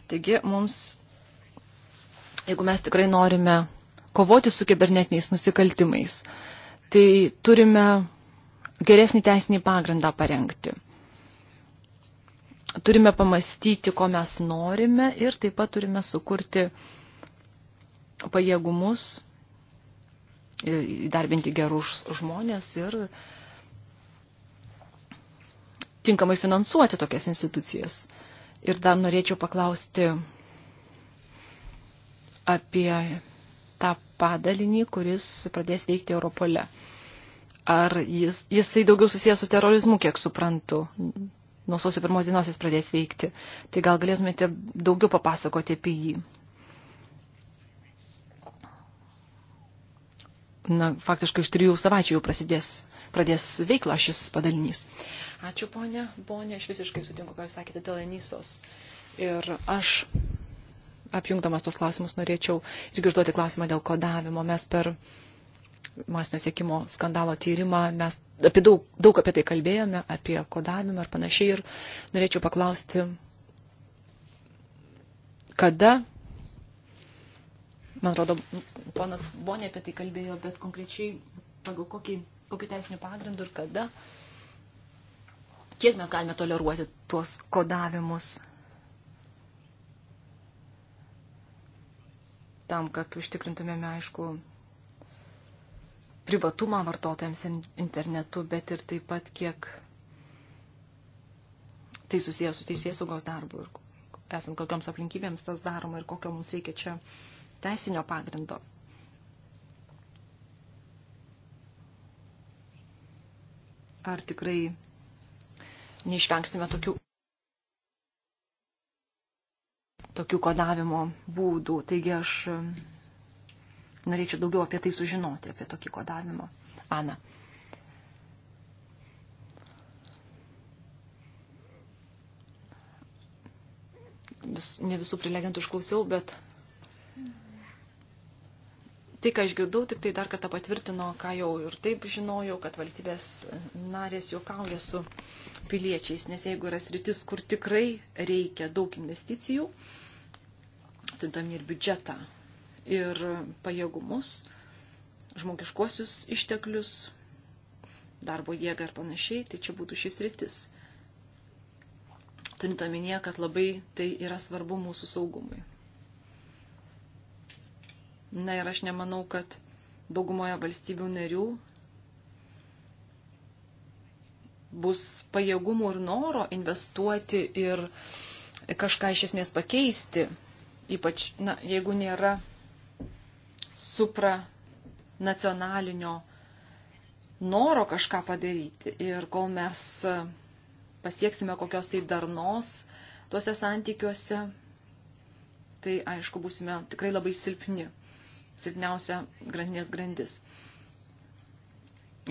Taigi mums Jeigu mes tikrai norime kovoti su kibernetiniais nusikaltimais, tai turime geresnį teisinį pagrindą parengti. Turime pamastyti, ko mes norime ir taip pat turime sukurti pajėgumus, e, įdarbinti gerus žmonės ir tinkamai finansuoti tokias institucijas. Ir dar norėčiau paklausti apie tą padalinį, kuris pradės veikti Europole. Ar jis, jisai daugiau susijęs su terorizmu, kiek suprantu? Nuo sausio pirmos dienos jis pradės veikti. Tai gal galėtumėte daugiau papasakoti apie jį? Na, faktiškai iš trijų savaičių jau prasidės, pradės veiklą šis padalinys. Ačiū, ponė. Ponė, aš visiškai sutinku, ką jūs sakėte dėl Enisos. Ir aš apjungdamas tos klausimus, norėčiau irgi užduoti klausimą dėl kodavimo. Mes per masinio sėkimo skandalo tyrimą, mes apie daug, daug apie tai kalbėjome, apie kodavimą ir panašiai. Ir norėčiau paklausti, kada, man atrodo, ponas Bonė apie tai kalbėjo, bet konkrečiai pagal kokį, kokį teisinį pagrindą ir kada, kiek mes galime toleruoti tuos kodavimus tam, kad užtikrintumėme, aišku, privatumą vartotojams internetu, bet ir taip pat kiek tai susijęs su teisės saugos darbu ir esant kokioms aplinkybėms tas daroma ir kokio mums reikia čia teisinio pagrindo. Ar tikrai neišvengsime tokių tokių kodavimo būdų. Taigi aš e, norėčiau daugiau apie tai sužinoti, apie tokį kodavimą. Ana. Vis, ne visų prilegentų išklausiau, bet tai, ką išgirdau, tik tai dar kartą patvirtino, ką jau ir taip žinojau, kad valstybės narės juokauja su piliečiais, nes jeigu yra sritis, kur tikrai reikia daug investicijų, vertindami ir biudžetą, ir pajėgumus, žmogiškuosius išteklius, darbo jėgą ir panašiai, tai čia būtų šis rytis. Turint omenyje, kad labai tai yra svarbu mūsų saugumui. Na ir aš nemanau, kad daugumoje valstybių narių bus pajėgumų ir noro investuoti ir kažką iš esmės pakeisti Ypač, na, jeigu nėra supra nacionalinio noro kažką padaryti. Ir kol mes pasieksime kokios tai darnos tuose santykiuose, tai aišku, būsime tikrai labai silpni. Silpniausia grandinės grandis.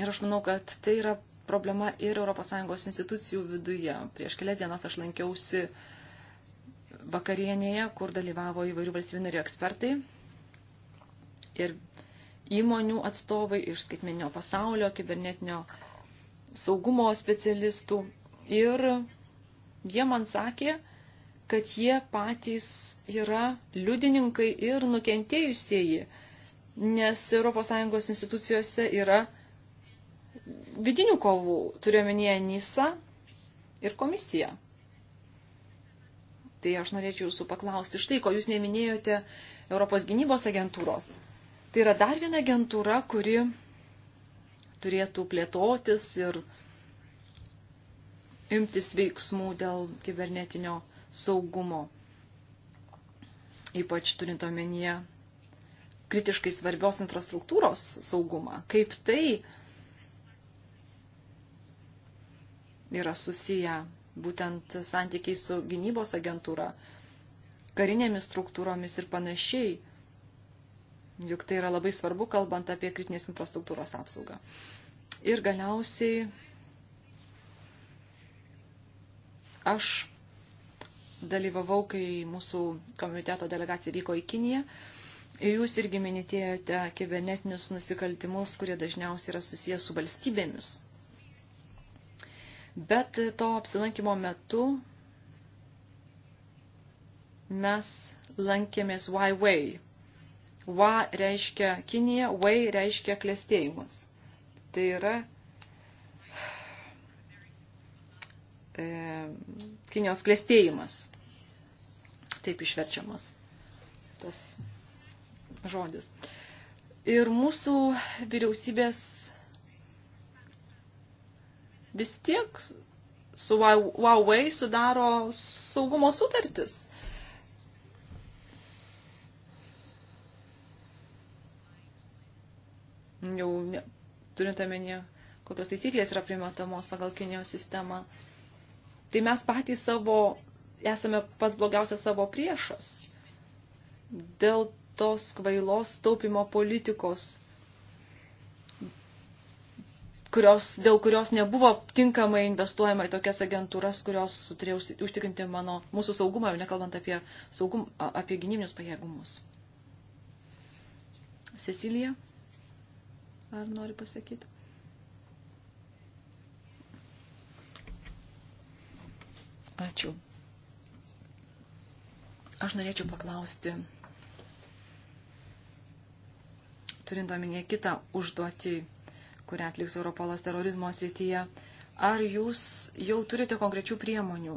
Ir aš manau, kad tai yra problema ir ES institucijų viduje. Prieš kelias dienas aš lankiausi uh, vakarienėje, kur dalyvavo įvairių valstybių narių ekspertai ir įmonių atstovai iš skaitmeninio pasaulio, kibernetinio saugumo specialistų. Ir jie man sakė, kad jie patys yra liudininkai ir nukentėjusieji, nes ES institucijose yra vidinių kovų, turiuomenėje NISA ir komisija. Tai aš norėčiau jūsų paklausti štai, ko jūs neminėjote Europos gynybos agentūros. Tai yra dar viena agentūra, kuri turėtų plėtotis ir imtis veiksmų dėl kibernetinio saugumo. Ypač turint omenyje kritiškai svarbios infrastruktūros saugumą. Kaip tai yra susiję būtent santykiai su gynybos agentūra, karinėmis struktūromis ir panašiai. Juk tai yra labai svarbu, kalbant apie kritinės infrastruktūros apsaugą. Ir galiausiai aš dalyvavau, kai mūsų komiteto delegacija vyko į Kiniją. Ir jūs irgi minėtėjote kibernetinius nusikaltimus, kurie dažniausiai yra susijęs su valstybėmis. Bet to apsilankimo metu mes lankėmės Huawei. Wa reiškia Kinija, Wei reiškia klėstėjimas. Tai yra e, Kinijos klėstėjimas. Taip išverčiamas tas žodis. Ir mūsų vyriausybės vis tiek su Huawei sudaro saugumo sutartis. Jau ne, turint omenyje, kokios taisyklės yra primetamos pagal Kinijos sistemą. Tai mes patys savo, esame pas blogiausias savo priešas. Dėl tos kvailos taupimo politikos kurios, dėl kurios nebuvo tinkamai investuojama į tokias agentūras, kurios turėjo užtikrinti mano, mūsų saugumą, jau nekalbant apie, saugum, apie gynybinius pajėgumus. Cecilija, ar nori pasakyti? Ačiū. Aš norėčiau paklausti, turint omenyje kitą užduotį kurią atliks Europolas terorizmo srityje, ar jūs jau turite konkrečių priemonių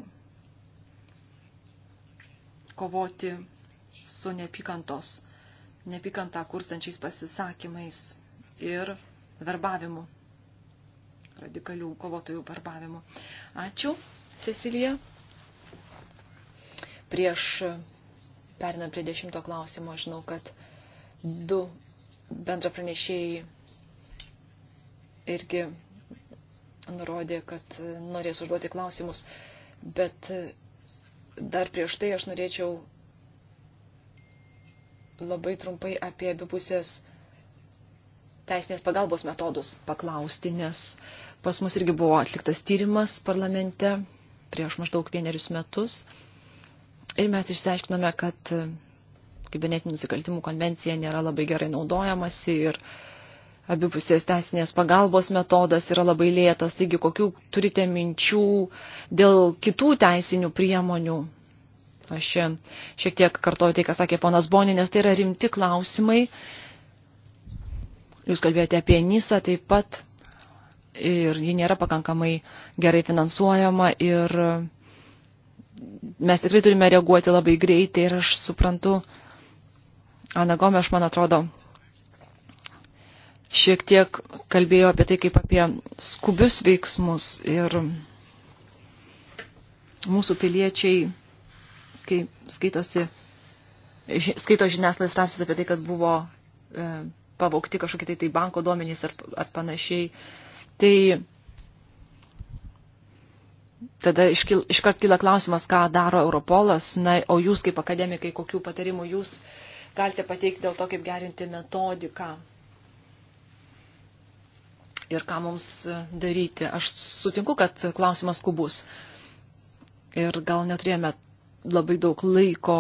kovoti su nepykantos, nepykantą kurstančiais pasisakymais ir verbavimu, radikalių kovotojų verbavimu. Ačiū, Cecilija. Prieš perinant prie dešimto klausimo, žinau, kad du bendra pranešėjai irgi nurodė, kad norės užduoti klausimus. Bet dar prieš tai aš norėčiau labai trumpai apie abipusės teisinės pagalbos metodus paklausti, nes pas mus irgi buvo atliktas tyrimas parlamente prieš maždaug vienerius metus. Ir mes išsiaiškinome, kad kibernetinių nusikaltimų konvencija nėra labai gerai naudojamasi ir uh, abipusės teisinės pagalbos metodas yra labai lėtas, taigi kokių turite minčių dėl kitų teisinių priemonių. Aš šiek tiek kartoju tai, ką sakė ponas Boninė, nes tai yra rimti klausimai. Jūs kalbėjote apie Nisa taip pat ir ji nėra pakankamai gerai finansuojama ir mes tikrai turime reaguoti labai greitai ir aš suprantu, Ana Gomeš, man atrodo, šiek tiek kalbėjo apie tai kaip apie skubius veiksmus ir mūsų piliečiai, kai skaitosi, skaito žiniasklaidos straipsnis apie tai, kad buvo e, pavaukti kažkokie tai, tai banko duomenys ar, ar panašiai, tai tada iškil, iškart kyla klausimas, ką daro Europolas, na, o jūs kaip akademikai, kokių patarimų jūs galite pateikti dėl to, kaip gerinti metodiką ir ką mums daryti. Aš sutinku, kad klausimas kubus. Ir gal neturėjome labai daug laiko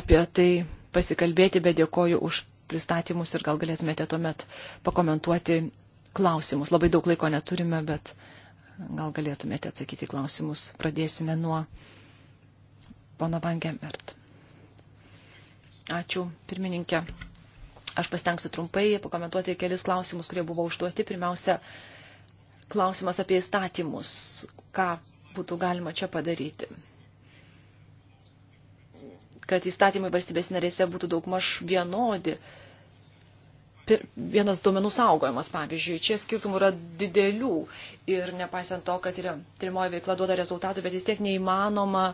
apie tai pasikalbėti, bet dėkoju už pristatymus ir gal galėtumėte tuomet pakomentuoti klausimus. Labai daug laiko neturime, bet gal galėtumėte atsakyti klausimus. Pradėsime nuo pono Van Gemmert. Ačiū, pirmininkė. Aš pasitengsiu trumpai pakomentuoti kelis klausimus, kurie buvo užduoti. Pirmiausia, klausimas apie įstatymus, ką būtų galima čia padaryti. Kad įstatymai valstybės narėse būtų daug maž vienodi. Pir, vienas duomenų saugojimas, pavyzdžiui, čia skirtumų yra didelių ir nepaisant to, kad yra tyrimoji veikla duoda rezultatų, bet vis tiek neįmanoma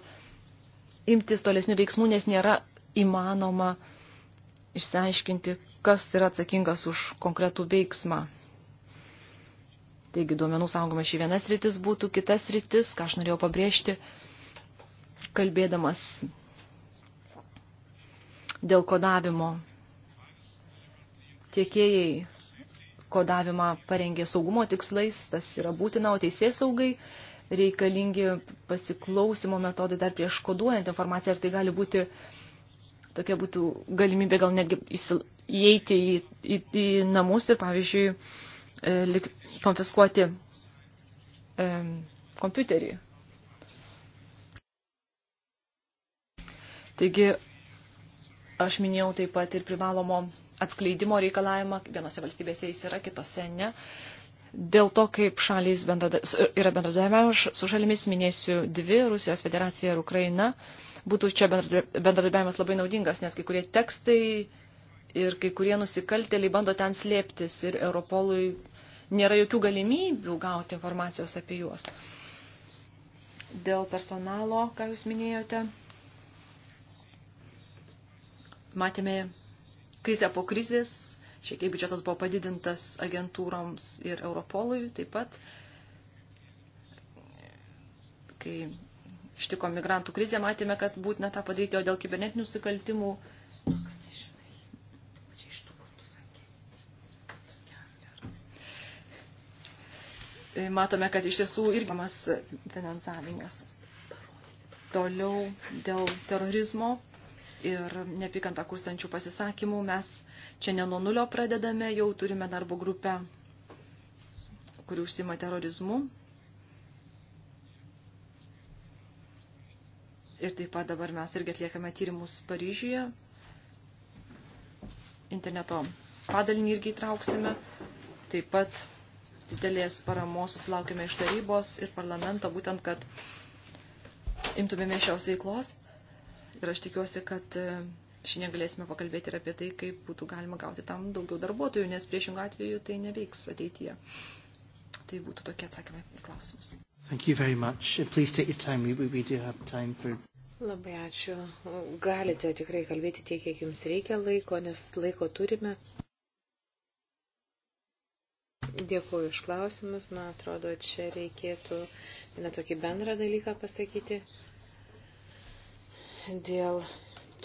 imtis tolesnių veiksmų, nes nėra įmanoma uh, išsiaiškinti, kas yra atsakingas už konkretų veiksmą. Taigi duomenų saugoma šį vienas rytis būtų, kitas rytis, ką aš norėjau pabrėžti, kalbėdamas dėl kodavimo. Tiekėjai kodavimą parengė saugumo tikslais, tas yra būtina, o teisės saugai reikalingi pasiklausimo metodai dar prieš koduojant informaciją, ar tai gali būti uh, tokia būtų galimybė gal netgi įeiti į, į, į namus ir, pavyzdžiui, e, lik, konfiskuoti e, kompiuterį. Taigi, aš minėjau taip pat ir privalomo atskleidimo reikalavimą, vienose valstybėse jis yra, kitose ne. Dėl to, kaip šalys bendradar... yra bendradarbiavimas su šalimis, minėsiu dvi - Rusijos federacija ir Ukraina. E, būtų čia bendradarbiavimas labai naudingas, nes kai kurie tekstai ir kai kurie nusikaltėliai bando ten slėptis ir Europolui nėra jokių galimybių gauti informacijos apie juos. Dėl personalo, ką jūs minėjote, matėme krizę po krizės, šiek tiek biudžetas buvo padidintas agentūroms ir Europolui taip pat, kai ištiko migrantų krizė, matėme, kad būtina tą padaryti, o dėl kibernetinių nusikaltimų. E, matome, kad iš tiesų irgiamas finansavimas. Toliau dėl terorizmo ir nepykantą kurstančių pasisakymų mes čia ne nuo nulio pradedame, jau turime darbo grupę, kuri užsima terorizmu Ir taip pat dabar mes irgi atliekame tyrimus Paryžiuje. Interneto padalinį irgi įtrauksime. Taip pat didelės paramos susilaukime iš tarybos ir parlamento, būtent, kad imtumėme šios veiklos. Ir aš tikiuosi, kad e, šiandien galėsime pakalbėti ir apie tai, kaip būtų galima gauti tam daugiau darbuotojų, nes priešingų atveju tai neveiks ateityje. Tai būtų tokie atsakymai į klausimus. Thank you very much. Please take your time. We, we do have time for... Labai ačiū. Galite tikrai kalbėti tiek, kiek jums reikia laiko, nes laiko turime. Dėkuoju iš klausimus. Man atrodo, čia reikėtų vieną tokį bendrą dalyką pasakyti. Dėl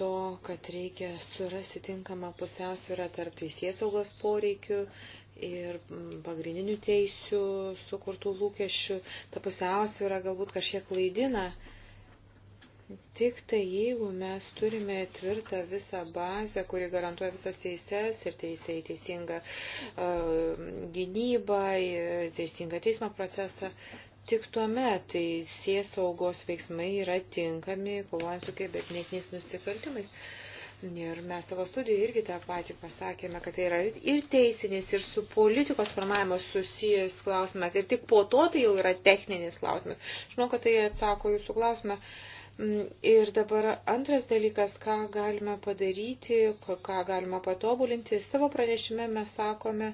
to, kad reikia surasti tinkamą pusiausvyrą tarp teisėsaugos poreikių ir mm, pagrindinių teisių sukurtų lūkesčių, ta pusiausvyrą galbūt kažkiek klaidina. Tik tai jeigu mes turime tvirtą visą bazę, kuri garantuoja visas teises ir teisė į teisingą uh, gynybą, teisingą teismo procesą, tik tuomet teisės saugos veiksmai yra tinkami kovojant su kibernetiniais nusikaltimais. Ir mes savo studijoje irgi tą patį pasakėme, kad tai yra ir teisinis, ir su politikos formavimu susijęs klausimas, ir tik po to tai jau yra techninis klausimas. Žinau, kad tai atsako jūsų klausimą. Uh, Mm, ir dabar antras dalykas, ką galime padaryti, ką galima patobulinti. Savo pranešime mes sakome,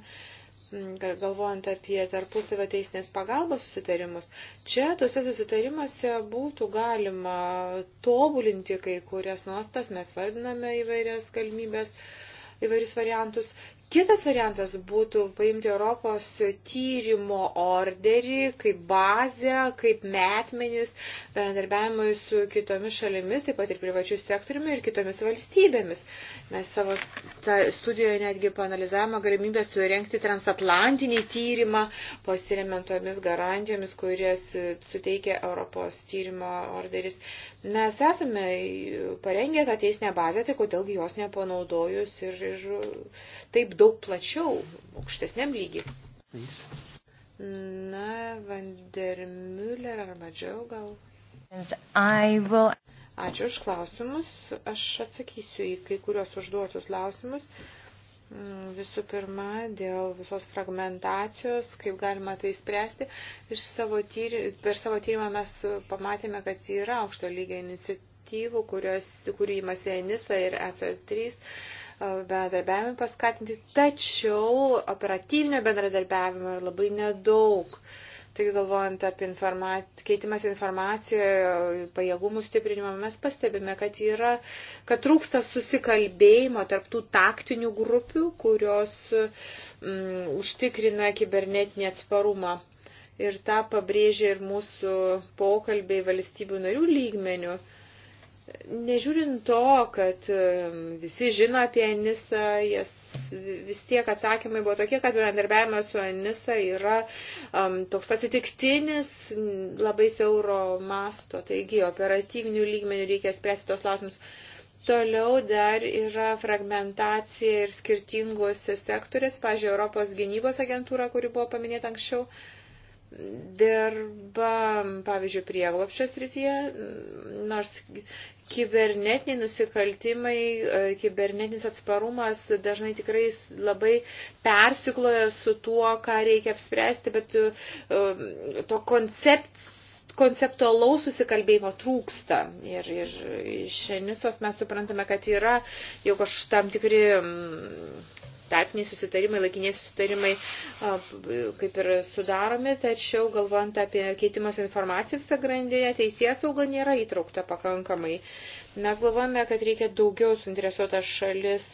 mm, galvojant apie tarpusavę teisinės pagalbos susitarimus, čia tuose susitarimuose būtų galima tobulinti kai kurias nuostas, mes vardiname įvairias galimybės, įvairius variantus Kitas variantas būtų paimti Europos tyrimo orderį kaip bazę, kaip metmenis bendarbiavimui su kitomis šalimis, taip pat ir privačių sektoriumi ir kitomis valstybėmis. Mes savo studijoje netgi panalizavome galimybę surenkti transatlantinį tyrimą, pasiremiant tomis garantijomis, kurias suteikia Europos tyrimo orderis. Mes esame parengę tą teisinę bazę, tai kodėlgi jos nepanaudojus ir, ir taip daug plačiau, aukštesniam lygiai. Na, Vandermüller arba Džiau gal. Will... Ačiū už klausimus. Aš atsakysiu į kai kurios užduotus klausimus. Mm, visų pirma, dėl visos fragmentacijos, kaip galima tai spręsti. Iš savo tyri, per savo tyrimą mes pamatėme, kad yra aukšto lygio iniciatyvų, kurios, kurį įmasi ENISA ir EC3 bendradarbiavimui paskatinti, tačiau operatyvinio bendradarbiavimo yra labai nedaug. Taigi galvojant apie informac... keitimas informaciją, pajėgumų stiprinimą, mes pastebime, kad, yra, kad trūksta susikalbėjimo tarptų taktinių grupių, kurios mm, užtikrina kibernetinį atsparumą. Ir tą pabrėžia ir mūsų pokalbiai valstybių narių lygmenių. Uh, Nežiūrint to, kad visi žino apie Anisą, jas vis tiek atsakymai buvo tokie, kad bendarbiavimas su Anisa yra um, toks atsitiktinis, labai siauro masto, taigi operatyvinių lygmenių reikia spręsti tos klausimus. Toliau dar yra fragmentacija ir skirtingose sektoriuose, pažiūrėjau, Europos gynybos agentūra, kuri buvo paminėta anksčiau. Uh, dirba, pavyzdžiui, prieglopščio srityje, nors kibernetiniai nusikaltimai, e, kibernetinis atsparumas dažnai tikrai labai persikloja su tuo, ką reikia apspręsti, bet e, to koncept, konceptualaus susikalbėjimo trūksta. Ir, ir iš Enisos mes suprantame, kad yra jau kažkam tikri. Mm, tarpiniai susitarimai, laikiniai susitarimai kaip ir sudaromi, tačiau galvant apie keitimas informaciją visą grandinę, teisės sauga nėra įtraukta pakankamai. Mes galvojame, kad reikia daugiau suinteresuotas šalis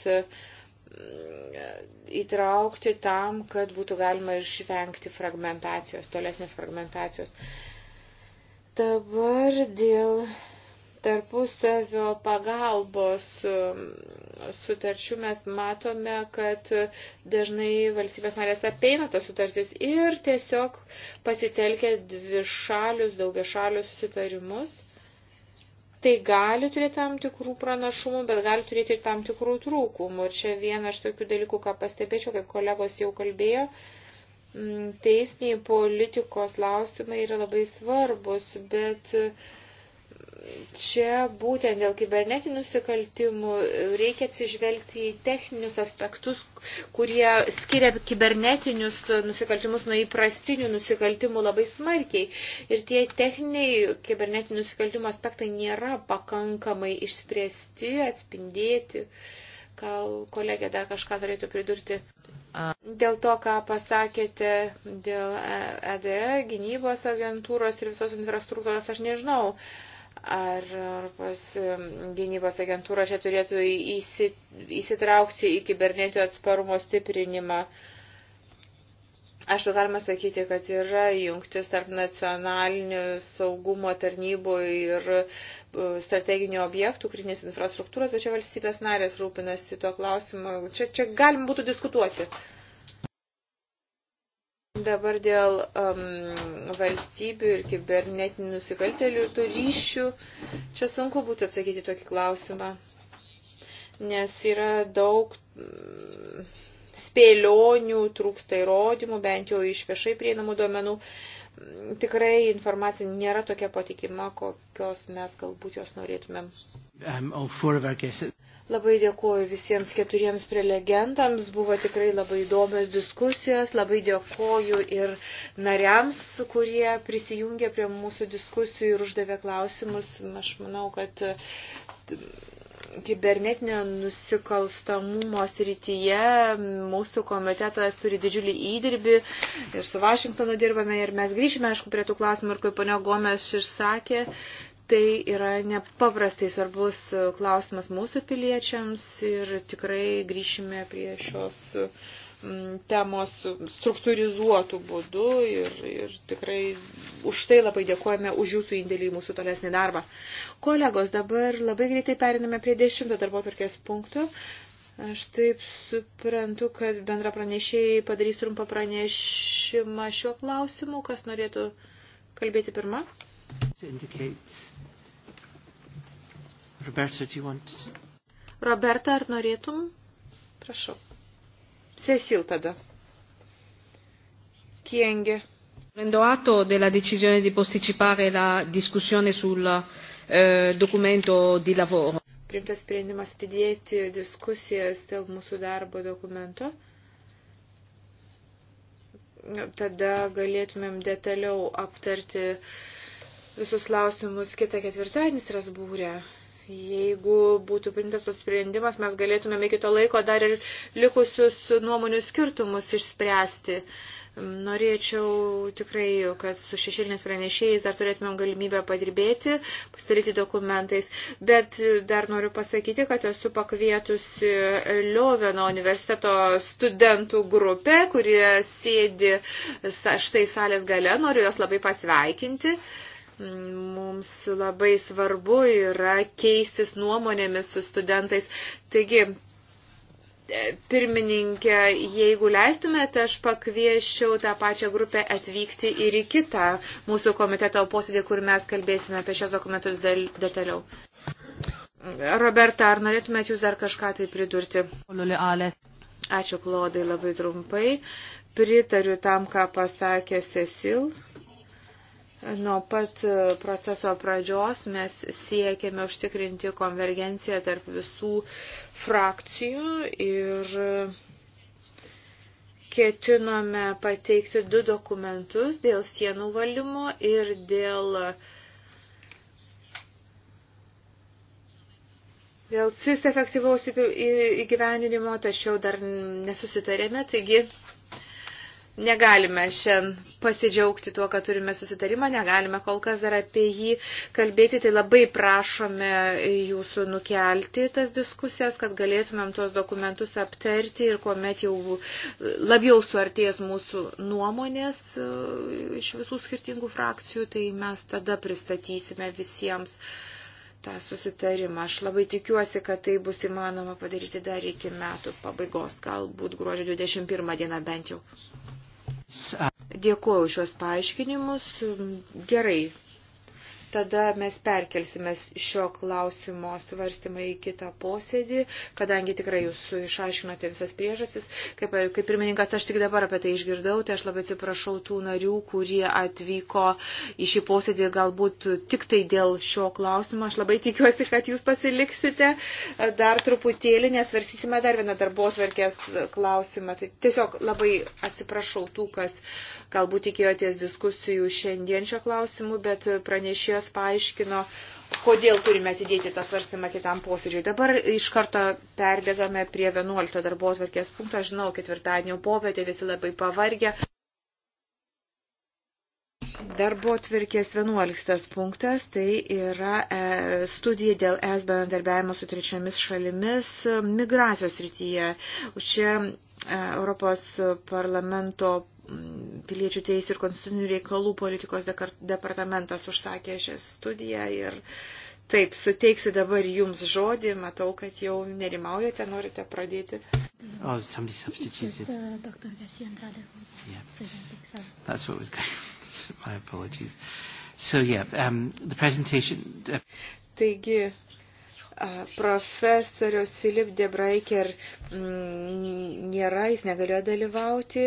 įtraukti tam, kad būtų galima išvengti fragmentacijos, tolesnės fragmentacijos. Dabar dėl tarpusavio pagalbos um, sutarčių mes matome, kad dažnai valstybės narės apeina tas sutartis ir tiesiog pasitelkia dvišalius, daugiašalius susitarimus. Tai gali turėti tam tikrų pranašumų, bet gali turėti ir tam tikrų trūkumų. Ir čia viena iš tokių dalykų, ką pastebėčiau, kaip kolegos jau kalbėjo, mm, teisiniai politikos klausimai yra labai svarbus, bet uh, čia būtent dėl kibernetinių nusikaltimų reikia atsižvelgti į techninius aspektus, kurie skiria kibernetinius nusikaltimus nuo įprastinių nusikaltimų labai smarkiai. Ir tie techniniai kibernetinių nusikaltimų aspektai nėra pakankamai išspręsti, atspindėti. Gal kolegė dar kažką norėtų pridurti? Dėl to, ką pasakėte dėl EDE, e, gynybos agentūros ir visos infrastruktūros, aš nežinau. Uh, Ar Europos gynybos agentūra čia turėtų įsitraukti į kibernetinio atsparumo stiprinimą? Aš galima sakyti, kad yra jungtis tarp nacionalinių saugumo tarnybų ir e, strateginių objektų, kritinės infrastruktūros, bet čia valstybės narės rūpinasi tuo klausimu. Čia, čia galim būtų diskutuoti. Uh, Dabar dėl um, valstybių ir kibernetinių nusikaltelių ir tų ryšių, čia sunku būtų atsakyti tokį klausimą, nes yra daug mm, spėlionių, trūksta įrodymų, bent jau iš viešai prieinamų duomenų. Mm, tikrai informacija nėra tokia patikima, kokios mes galbūt jos norėtumėm. Um, Labai dėkuoju visiems keturiems prelegentams, buvo tikrai labai įdomios diskusijos, labai dėkuoju ir nariams, kurie prisijungė prie mūsų diskusijų ir uždavė klausimus. Aš manau, kad kibernetinio nusikalstamumo srityje mūsų komitetas turi didžiulį įdirbį ir su Vašingtonu dirbame ir mes grįžime, aišku, prie tų klausimų ir kaip ponia Gomes išsakė, Tai yra nepaprastai svarbus klausimas mūsų piliečiams ir tikrai grįšime prie šios mm, temos struktūrizuotų būdų ir, ir tikrai už tai labai dėkojame už jūsų indėlį į mūsų tolesnį darbą. Kolegos, dabar labai greitai periname prie dešimto darbo tvarkės punktų. Aš taip suprantu, kad bendra pranešėjai padarys trumpą pranešimą šiuo klausimu. Kas norėtų kalbėti pirmą? Indicates. Roberta, do you want? Roberta, ar norėtum? Prašau. Cecil tada. Kiengė. Prendo atto della decisione di posticipare la discussione sul eh, documento di lavoro. Primtas sprendimas atidėti diskusijas dėl mūsų darbo dokumento. Tada galėtumėm detaliau aptarti visus klausimus kitą ketvirtadienį Strasbūrę. Jeigu būtų priimtas tos sprendimas, mes galėtumėme iki to laiko dar ir likusius nuomonių skirtumus išspręsti. Norėčiau tikrai, kad su šešėlinės pranešėjais dar turėtumėm galimybę padirbėti, pasidaryti dokumentais, bet dar noriu pasakyti, kad esu pakvietusi Lioveno universiteto studentų grupę, kurie sėdi štai salės gale, noriu jos labai pasveikinti. Uh, Mums labai svarbu yra keistis nuomonėmis su studentais. Taigi, e, pirmininkė, jeigu leistumėte, aš pakvieščiau tą pačią grupę atvykti ir į kitą mūsų komiteto posėdį, kur mes kalbėsime apie šios dokumentus detaliau. Roberta, ar norėtumėte jūs dar kažką tai pridurti? Ačiū, Klodai, labai trumpai. Pritariu tam, ką pasakė Cecil. Nuo pat e, proceso pradžios mes siekėme užtikrinti konvergenciją tarp visų frakcijų ir e, ketinome pateikti du dokumentus dėl sienų valymo ir dėl, dėl CIS efektyvaus įgyveninimo, tačiau dar nesusitarėme, taigi Negalime šiandien pasidžiaugti tuo, kad turime susitarimą, negalime kol kas dar apie jį kalbėti, tai labai prašome jūsų nukelti tas diskusijas, kad galėtumėm tuos dokumentus aptarti ir kuomet jau labiau suartės mūsų nuomonės e, iš visų skirtingų frakcijų, tai mes tada pristatysime visiems tą susitarimą. Aš labai tikiuosi, kad tai bus įmanoma padaryti dar iki metų pabaigos, galbūt gruodžio 21 dieną bent jau. Dėkuoju šios paaiškinimus. Gerai, tada mes perkelsime šio klausimo svarstymą į kitą posėdį, kadangi tikrai jūs išaiškinote visas priežastis. Kaip, kaip pirmininkas, aš tik dabar apie tai išgirdau, tai aš labai atsiprašau tų narių, kurie atvyko į šį posėdį galbūt tik tai dėl šio klausimo. Aš labai tikiuosi, kad jūs pasiliksite dar truputėlį, nes svarstysime dar vieną darbo atverkės klausimą. Tai tiesiog labai atsiprašau tų, kas galbūt tikėjotės diskusijų šiandien šio klausimu, bet pranešė jos paaiškino, kodėl turime atidėti tą svarstymą kitam posėdžiui. Dabar iš karto perbėgame prie 11 darbo atvarkės punkto. Žinau, ketvirtadienio popietė visi labai pavargę. Darbo atvirkės 11 punktas tai yra e, studija dėl es bendarbiavimo su trečiomis šalimis migracijos rytyje. Čia Europos parlamento mm, piliečių teisų ir konstitucinių reikalų politikos departamentas užsakė šią studiją ir taip, suteiksiu dabar jums žodį, matau, kad jau nerimaujate, norite pradėti. Oh, somebody substituted. Just, uh, Dr. Garcia Andrade was yeah. presenting. So. That's what was going on. My apologies. So yeah, um, the presentation. Uh, Taigi, Profesorius Filip Debraiker mm, nėra, jis negalėjo dalyvauti,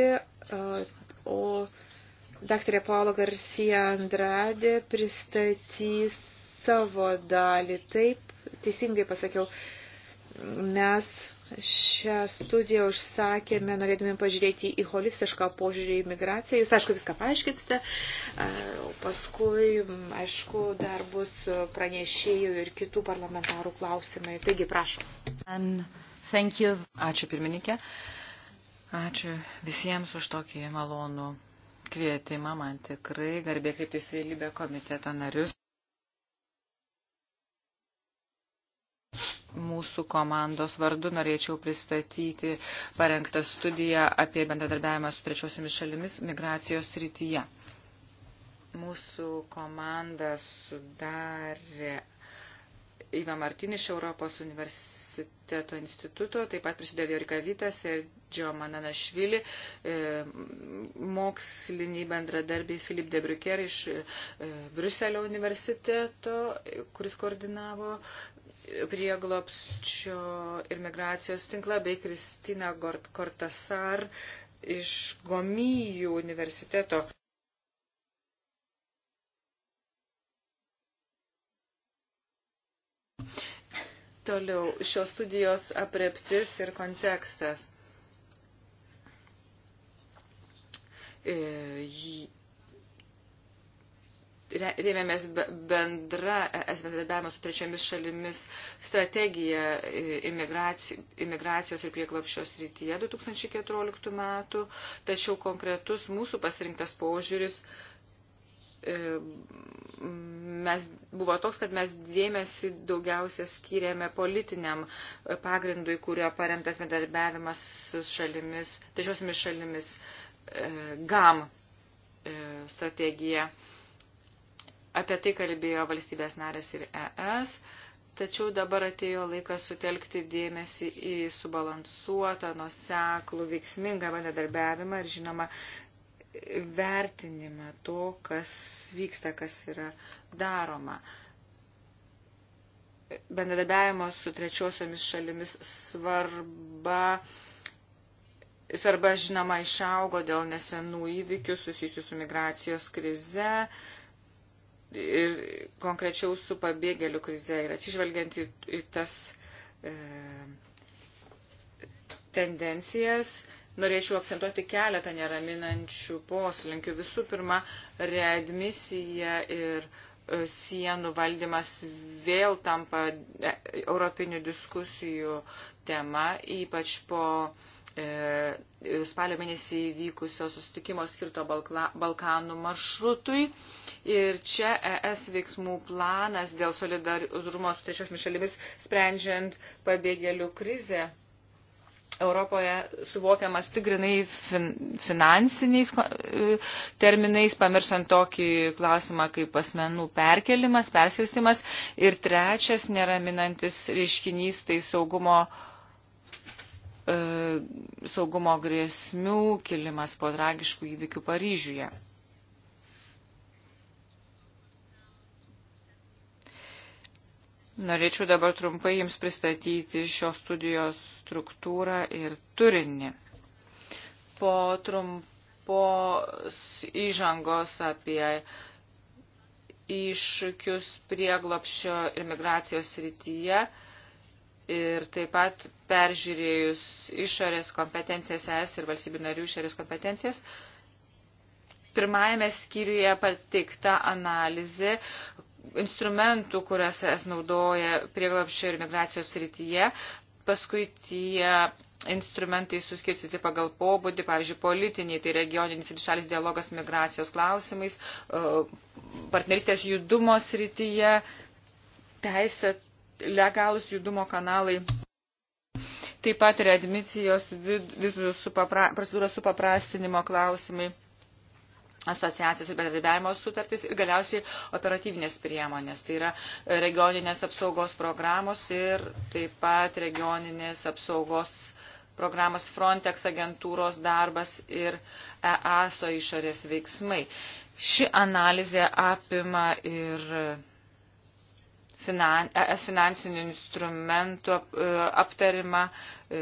o daktarė Paulo Garcia Andrade pristatys savo dalį. Taip, teisingai pasakiau, mes Šią studiją užsakėme, norėdami pažiūrėti į holistišką požiūrį į migraciją. Jūs, aišku, viską paaiškinsite, o paskui, aišku, dar bus pranešėjų ir kitų parlamentarų klausimai. Taigi, prašom. Ačiū pirmininkė. Ačiū visiems už tokį malonų kvietimą. Man tikrai garbė kreiptis į Libę komiteto narius. mūsų komandos vardu norėčiau pristatyti parengtą studiją apie bendradarbiavimą su trečiosiamis šalimis migracijos srityje. Mūsų komanda sudarė Iva Martiniš Europos universiteto instituto, taip pat prisidėjo Jorika Vytas ir Džio Mananašvili, e, moksliniai bendradarbiai Filip Debriuker iš e, Bruselio universiteto, kuris koordinavo prieglopščio ir migracijos tinklą, bei Kristina Kortasar iš Gomijų universiteto. Toliau šios studijos apreptis ir kontekstas. E, rėmėmės bendra es bendradarbiavimo su trečiomis šalimis strategija e, imigracijos ir prieglapščio srityje 2014 metų, tačiau konkretus mūsų pasirinktas požiūris uh, E, mes, buvo toks, kad mes dėmesį daugiausia skiriame politiniam pagrindui, kurio paremtas bendarbiavimas šalimis, trečiosiomis šalimis e, GAM e, strategija. Apie tai kalbėjo valstybės narės ir ES, tačiau dabar atėjo laikas sutelkti dėmesį į subalansuotą, nuseklų, veiksmingą bendradarbiavimą ir žinoma vertinimą to, kas vyksta, kas yra daroma. Bendradarbiavimo su trečiosiomis šalimis svarba, svarba žinoma išaugo dėl nesenų įvykių susijusių su migracijos krize ir konkrečiau su pabėgėlių krize ir atsižvelgiant į, į tas e, tendencijas. E, norėčiau akcentuoti keletą neraminančių poslinkių. Visų pirma, readmisija ir e, sienų valdymas vėl tampa e, europinių diskusijų tema, ypač po e, spalio mėnesį įvykusio susitikimo skirto Balkla, Balkanų maršrutui. Ir čia ES veiksmų planas dėl solidarumo su trečiosiomis šalimis sprendžiant pabėgėlių krizę Europoje suvokiamas tikrinai fin, finansiniais e, terminais, pamirštant tokį klausimą kaip asmenų perkelimas, perskirstimas. Ir trečias neraminantis reiškinys tai saugumo e, saugumo grėsmių kilimas po tragiškų įvykių Paryžiuje. Norėčiau dabar trumpai Jums pristatyti šios studijos struktūrą ir turinį. Po trumpos įžangos apie iššūkius prieglopščio ir migracijos srityje ir taip pat peržiūrėjus išorės kompetencijas ES ir valstybių narių išorės kompetencijas, pirmajame skyriuje pateikta analizė, instrumentų, kurias es naudoja prieglapščio ir migracijos srityje. Paskui tie instrumentai suskirstyti pagal pobūdį, pavyzdžiui, politiniai, tai regioninis ir šalis dialogas migracijos klausimais, e, partneristės judumo srityje, teisė, legalus judumo kanalai. Taip pat readmisijos vizų supapra, procedūros supaprastinimo klausimai asociacijos ir bendradarbiavimo sutartys ir galiausiai operatyvinės priemonės. Tai yra regioninės apsaugos programos ir taip pat regioninės apsaugos programos Frontex agentūros darbas ir EASO išorės veiksmai. Ši analizė apima ir finan, es finansinių instrumentų aptarimą, e,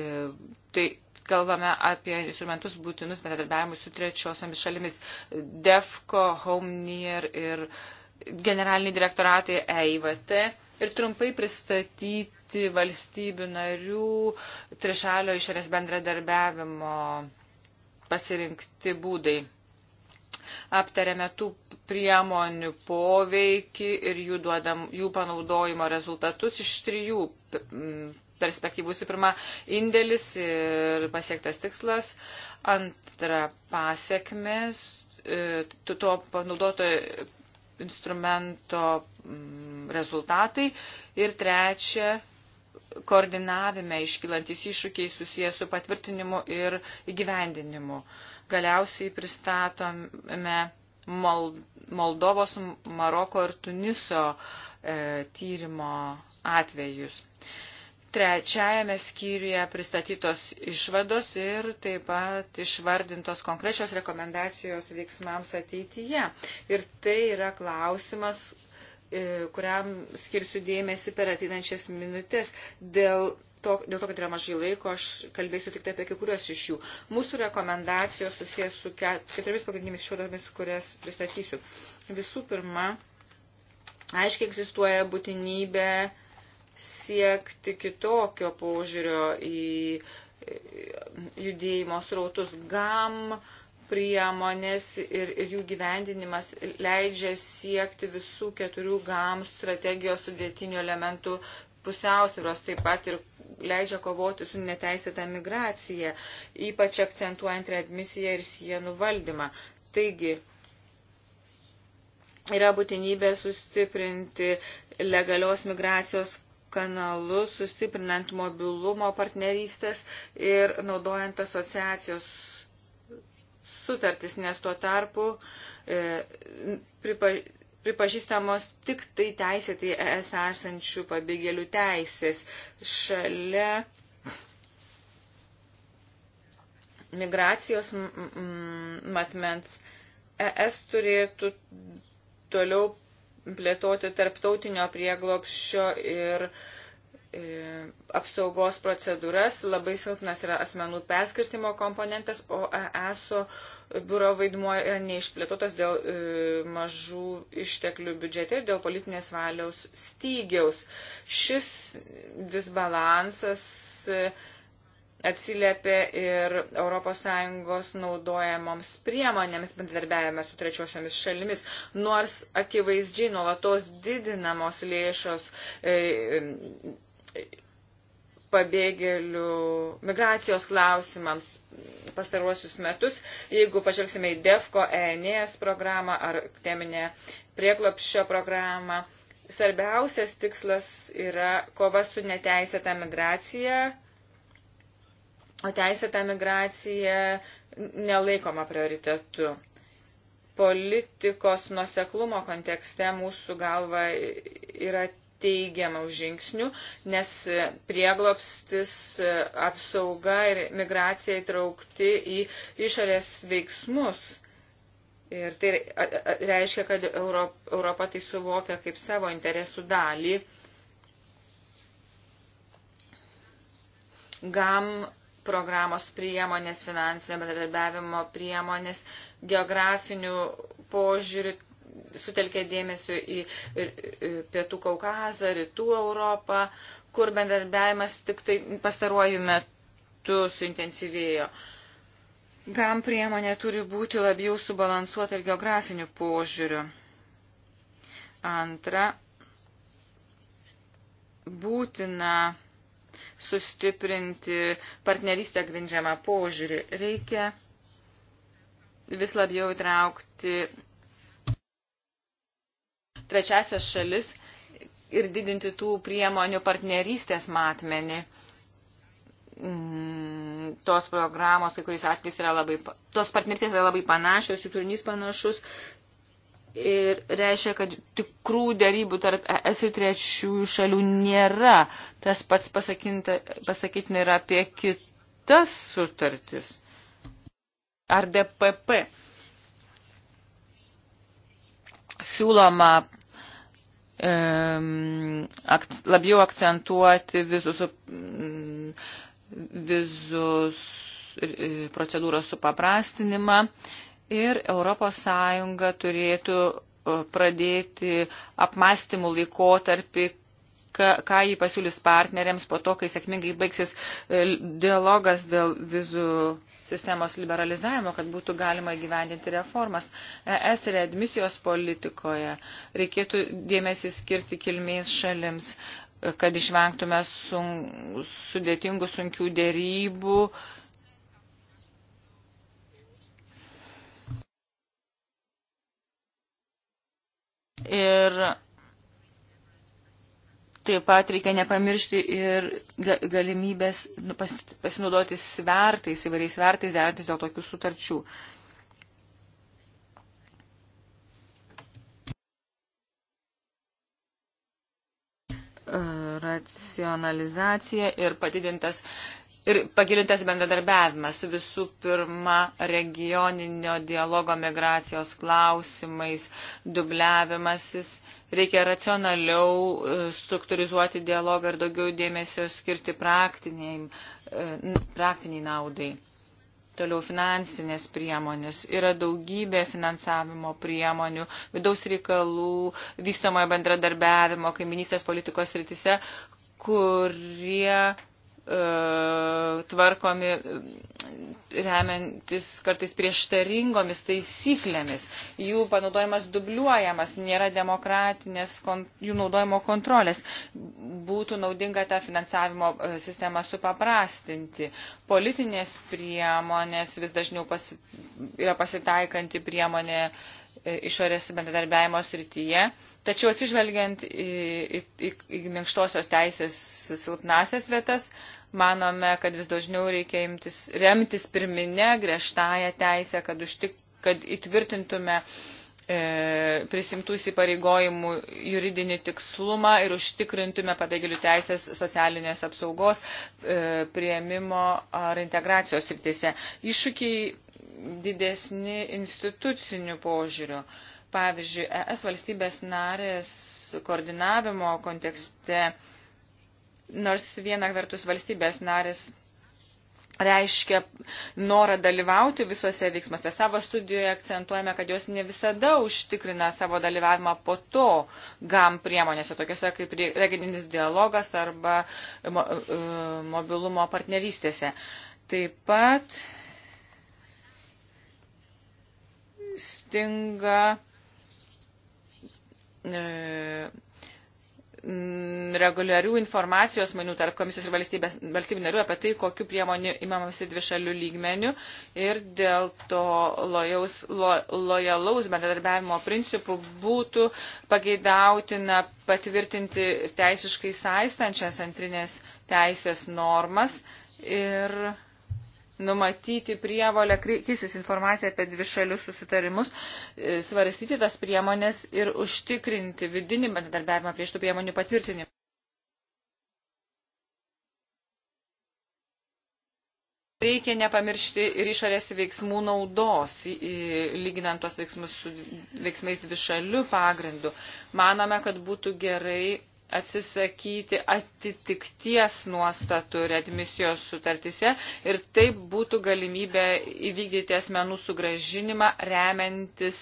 tai kalbame apie instrumentus būtinus bendradarbiavimui su trečiosiomis šalimis DEFCO, HOMNIER ir generaliniai direktoratai EIVT ir trumpai pristatyti valstybių narių trišalio išorės bendradarbiavimo pasirinkti būdai. Aptarėme tų priemonių poveikį ir jų, duodam, jų panaudojimo rezultatus iš trijų perspektyvų. Visų pirma, indėlis ir pasiektas tikslas. Antra, pasiekmes e, to panaudoto instrumento mm, rezultatai. Ir trečia, koordinavime iškilantys iššūkiai susijęs su patvirtinimu ir įgyvendinimu. Galiausiai pristatome Moldovos, Maroko ir Tuniso e, tyrimo atvejus. E, trečiajame skyriuje pristatytos išvados ir taip pat išvardintos konkrečios rekomendacijos veiksmams ateityje. Ir tai yra klausimas, e, kuriam skirsiu dėmesį per ateinančias minutės. Dėl to, dėl to, kad yra mažai laiko, aš kalbėsiu tik tai apie kai kurios iš jų. Mūsų rekomendacijos susijęs su keturiomis pagrindinėmis išvadomis, kurias pristatysiu. Visų pirma, aiškiai egzistuoja būtinybė siekti kitokio požiūrio į judėjimo srautus. GAM priemonės ir, ir jų gyvendinimas leidžia siekti visų keturių GAM strategijos sudėtinių elementų pusiausvyros, taip pat ir leidžia kovoti su neteisėta migracija, ypač akcentuojant readmisiją ir sienų valdymą. Taigi, yra būtinybė sustiprinti legalios migracijos kanalus, sustiprinant mobilumo partnerystės ir naudojant asociacijos sutartis, nes tuo tarpu e, pripa, pripažįstamos tik tai teisėtai ES esančių pabėgėlių teisės. Šalia migracijos matmens ES turėtų toliau plėtoti tarptautinio prieglopščio ir e, apsaugos procedūras. Labai silpnas yra asmenų perskirstimo komponentas, o ESO biuro vaidmuo yra neišplėtotas dėl e, mažų išteklių biudžete ir dėl politinės valios stygiaus. Šis disbalansas e, atsiliepia ir ES naudojamoms priemonėms bendradarbiavime su trečiosiomis šalimis, nors akivaizdžiai nuolatos didinamos lėšos e, e, pabėgėlių migracijos klausimams pastaruosius metus, jeigu pažvelgsime į DEFCO ENES programą ar teminę prieklopščio programą. Svarbiausias tikslas yra kova su neteisėta migracija o teisėta migracija nelaikoma prioritetu. Politikos nuseklumo kontekste mūsų galva yra teigiamų žingsnių, nes prieglopstis, apsauga ir migracija įtraukti į išorės veiksmus. Ir tai reiškia, kad Europa tai suvokia kaip savo interesų dalį. GAM programos priemonės, finansinio bendradarbiavimo priemonės, geografinių požiūrių sutelkė dėmesio į Pietų Kaukazą, Rytų Europą, kur bendradarbiavimas tik tai pastaruoju metu suintensyvėjo. GAM priemonė turi būti labiau subalansuota ir geografiniu požiūriu. Antra, būtina sustiprinti partnerystę grindžiamą požiūrį. Reikia vis labiau įtraukti trečiasias šalis ir didinti tų priemonių partnerystės matmenį. Mm, tos programos, kai kuriais atvejais yra labai, tos partnerystės yra labai panašios, jų turinys panašus, ir reiškia, kad tikrų dėrybų tarp ES ir trečiųjų šalių nėra. Tas pats pasakytina yra apie kitas sutartis. Ar DPP siūloma e, ak, labiau akcentuoti visus, mm, visus e, procedūros supaprastinimą. E, ir ES turėtų e, pradėti apmastymų laikotarpį, ką jį pasiūlys partneriams po to, kai sėkmingai baigsis e, dialogas dėl vizų sistemos liberalizavimo, kad būtų galima gyvendinti reformas. E, ES tai readmisijos politikoje reikėtų dėmesį skirti kilmės šalims, kad išvengtume sun, sudėtingų sunkių dėrybų Ir taip pat reikia nepamiršti ir galimybės nu, pasinaudoti svertais, įvairiais svertais, derantis dėl tokių sutarčių. racionalizacija ir padidintas ir pagilintas bendradarbiavimas visų pirma regioninio dialogo migracijos klausimais, dubliavimasis. Reikia racionaliau e, struktūrizuoti dialogą ir daugiau dėmesio skirti praktiniai, e, praktiniai naudai. Toliau finansinės priemonės. Yra daugybė finansavimo priemonių, vidaus reikalų, vystomojo bendradarbiavimo, kaiminystės politikos rytise, kurie E, tvarkomi remiantis kartais prieštaringomis taisyklėmis. Jų panaudojimas dubliuojamas, nėra demokratinės kon, jų naudojimo kontrolės. Būtų naudinga tą finansavimo e, sistemą supaprastinti. Politinės priemonės vis dažniau pasi, yra pasitaikanti priemonė e, išorės bendradarbiavimo srityje. Tačiau atsižvelgiant į, į, į, į minkštosios teisės silpnasias vietas, uh, manome, kad vis dažniau reikia imtis, remtis pirminę griežtąją teisę, kad, užtik, kad įtvirtintume e, prisimtų įsipareigojimų juridinį tikslumą ir užtikrintume pabėgėlių teisės socialinės apsaugos, e, prieimimo ar integracijos srityse. Iššūkiai didesni institucinių požiūrių. Pavyzdžiui, ES valstybės narės koordinavimo kontekste e, nors viena vertus valstybės narės reiškia norą dalyvauti visose veiksmuose. Savo studijoje akcentuojame, kad jos ne visada užtikrina savo dalyvavimą po to GAM priemonėse, tokiuose kaip regioninis dialogas arba e, mobilumo partnerystėse. Taip pat stinga e, Mm, reguliarių informacijos mainų tarp komisijos ir valstybės, valstybių narių apie tai, kokiu priemonių imamasi dvišalių lygmenių ir dėl to lojaus, lo, lojalaus bendradarbiavimo principų būtų pageidautina patvirtinti teisiškai saistančias antrinės teisės normas ir numatyti prievolę keisis informaciją apie dvišalius susitarimus, e, svarstyti tas priemonės ir užtikrinti vidinį bendradarbiavimą prieš tų priemonių patvirtinimą. Reikia nepamiršti ir išorės veiksmų naudos, lyginant tuos veiksmus su veiksmais dvišalių pagrindu. Manome, kad būtų gerai atsisakyti atitikties nuostatų readmisijos sutartise ir taip būtų galimybė įvykdyti asmenų sugražinimą remiantis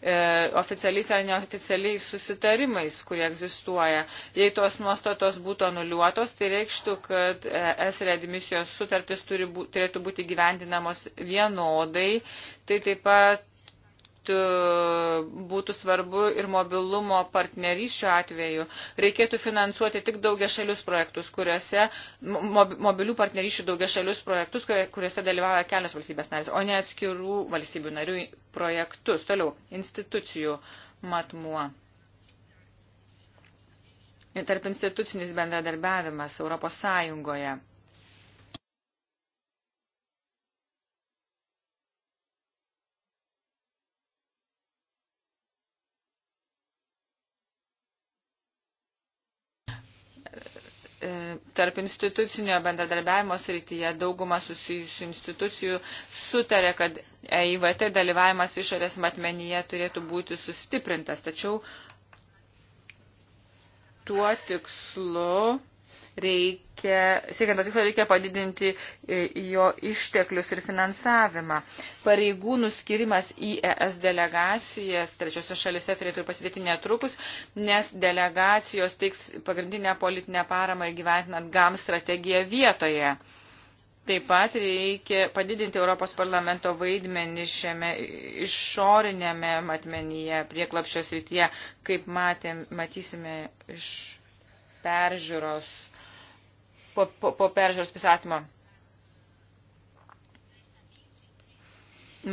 e, oficialiais ar neoficialiais susitarimais, kurie egzistuoja. Jei tos nuostatos būtų anuliuotos, tai reikštų, kad e, es readmisijos sutartis turi bū, turėtų būti gyvendinamos vienodai. Tai taip pat būtų svarbu ir mobilumo partnerysčių atveju. Reikėtų finansuoti tik daugiašalius projektus, kuriuose mobilių partnerysčių daugiašalius projektus, kuriuose dalyvauja kelios valstybės narės, o ne atskirų valstybių narių projektus. Toliau, institucijų matmuo. Tarp institucinis bendradarbiavimas Europos Sąjungoje. tarp institucinio bendradarbiavimo srityje dauguma susijusių institucijų sutarė, kad EIVT dalyvavimas išorės matmenyje turėtų būti sustiprintas. Tačiau tuo tikslu reikia, siekiant to tikslo reikia padidinti e, jo išteklius ir finansavimą. Pareigūnų skirimas į ES delegacijas trečiose šalise turėtų pasidėti netrukus, nes delegacijos teiks pagrindinę politinę paramą įgyventinant GAM strategiją vietoje. Taip pat reikia padidinti Europos parlamento vaidmenį šiame išorinėme matmenyje prieklapščio srityje, kaip matėm, matysime iš peržiūros po, po, po peržiūros pristatymo.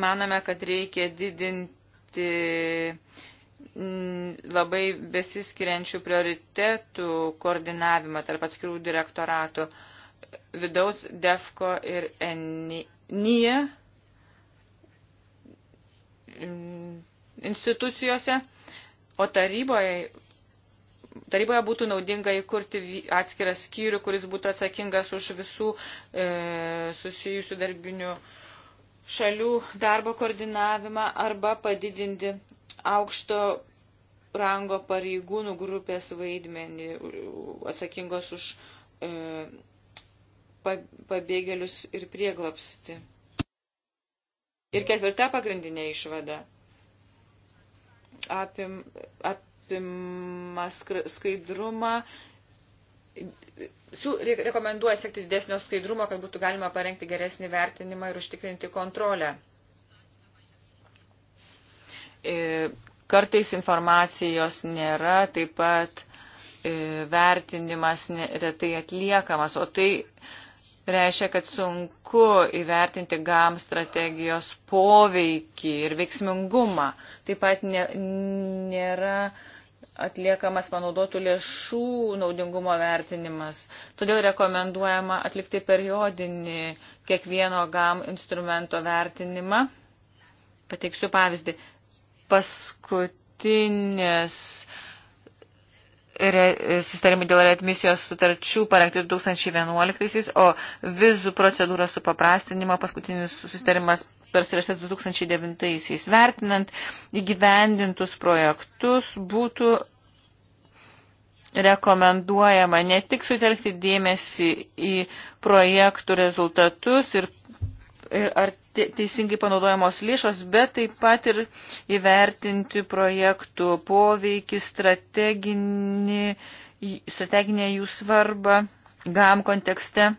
Manome, kad reikia didinti mm, labai besiskiriančių prioritetų koordinavimą tarp atskirų direktoratų vidaus DEFCO ir NIE mm, institucijose, o taryboje taryboje būtų naudinga įkurti atskirą skyrių, kuris būtų atsakingas už visų e, susijusių darbinių šalių darbo koordinavimą arba padidinti aukšto rango pareigūnų grupės vaidmenį atsakingos už e, pabėgėlius ir prieglapsti. Ir ketvirta pagrindinė išvada apim, ap, apima skaidrumą. Rekomenduoja siekti didesnio skaidrumo, kad būtų galima parengti geresnį vertinimą ir užtikrinti kontrolę. E, kartais informacijos nėra, taip pat e, vertinimas retai atliekamas, o tai reiškia, kad sunku įvertinti GAM strategijos poveikį ir veiksmingumą. Taip pat nė, nėra atliekamas panaudotų lėšų naudingumo vertinimas. Todėl rekomenduojama atlikti periodinį kiekvieno GAM instrumento vertinimą. Pateiksiu pavyzdį. Paskutinės sustarimai dėl readmisijos sutarčių parengti 2011, o vizų procedūros supaprastinimo paskutinis sustarimas persirašytas 2009. Vertinant įgyvendintus projektus būtų rekomenduojama ne tik sutelkti dėmesį į projektų rezultatus ir ar teisingai panaudojamos lėšos, bet taip pat ir įvertinti projektų poveikį, strateginį, strateginę jų svarbą GAM kontekste.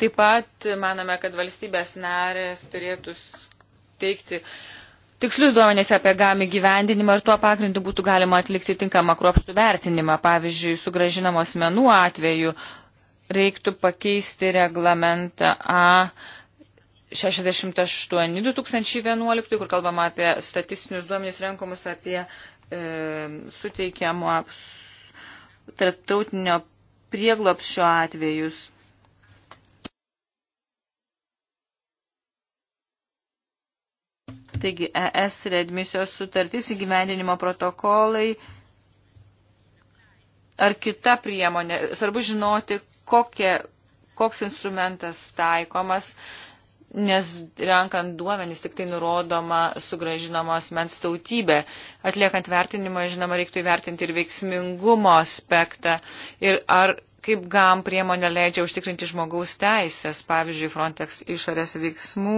Taip pat manome, kad valstybės narės turėtų teikti tikslius duomenys apie GAM įgyvendinimą ir tuo pagrindu būtų galima atlikti tinkamą kruopštų vertinimą, pavyzdžiui, sugražinamos menų atveju reiktų pakeisti reglamentą A 68 2011, kur kalbama apie statistinius duomenys renkomus apie e, suteikiamo aps, tarptautinio prieglopščio atvejus. Taigi ES redmisijos sutartys įgyvendinimo protokolai ar kita priemonė. Svarbu žinoti, kokie, koks instrumentas taikomas, nes renkant duomenys tik tai nurodoma sugražinama asmens tautybė. Atliekant vertinimą, žinoma, reiktų įvertinti ir veiksmingumo aspektą ir ar kaip GAM priemonė leidžia užtikrinti žmogaus teisės, pavyzdžiui, Frontex išorės veiksmų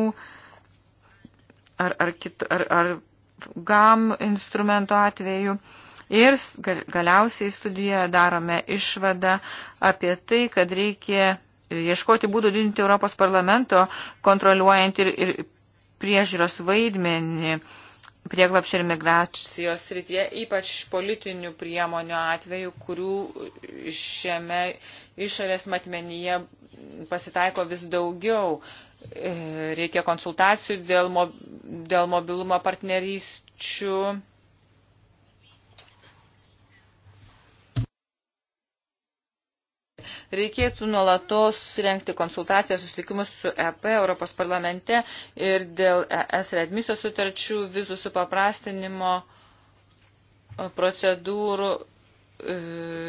ar, ar, kit, ar, ar GAM instrumento atveju. Uh, Ir galiausiai studijoje darome išvadą apie tai, kad reikia ieškoti būdų didinti Europos parlamento kontroliuojant ir, ir priežiūros vaidmenį prieglapščio ir migracijos srityje, ypač politinių priemonių atveju, kurių šiame išorės matmenyje pasitaiko vis daugiau. E, reikia konsultacijų dėl, mo, dėl mobilumo partnerysčių Reikėtų nuolatos rengti konsultacijas susitikimus su EP, Europos parlamente ir dėl ES readmisijos sutarčių, vizų supaprastinimo procedūrų. E,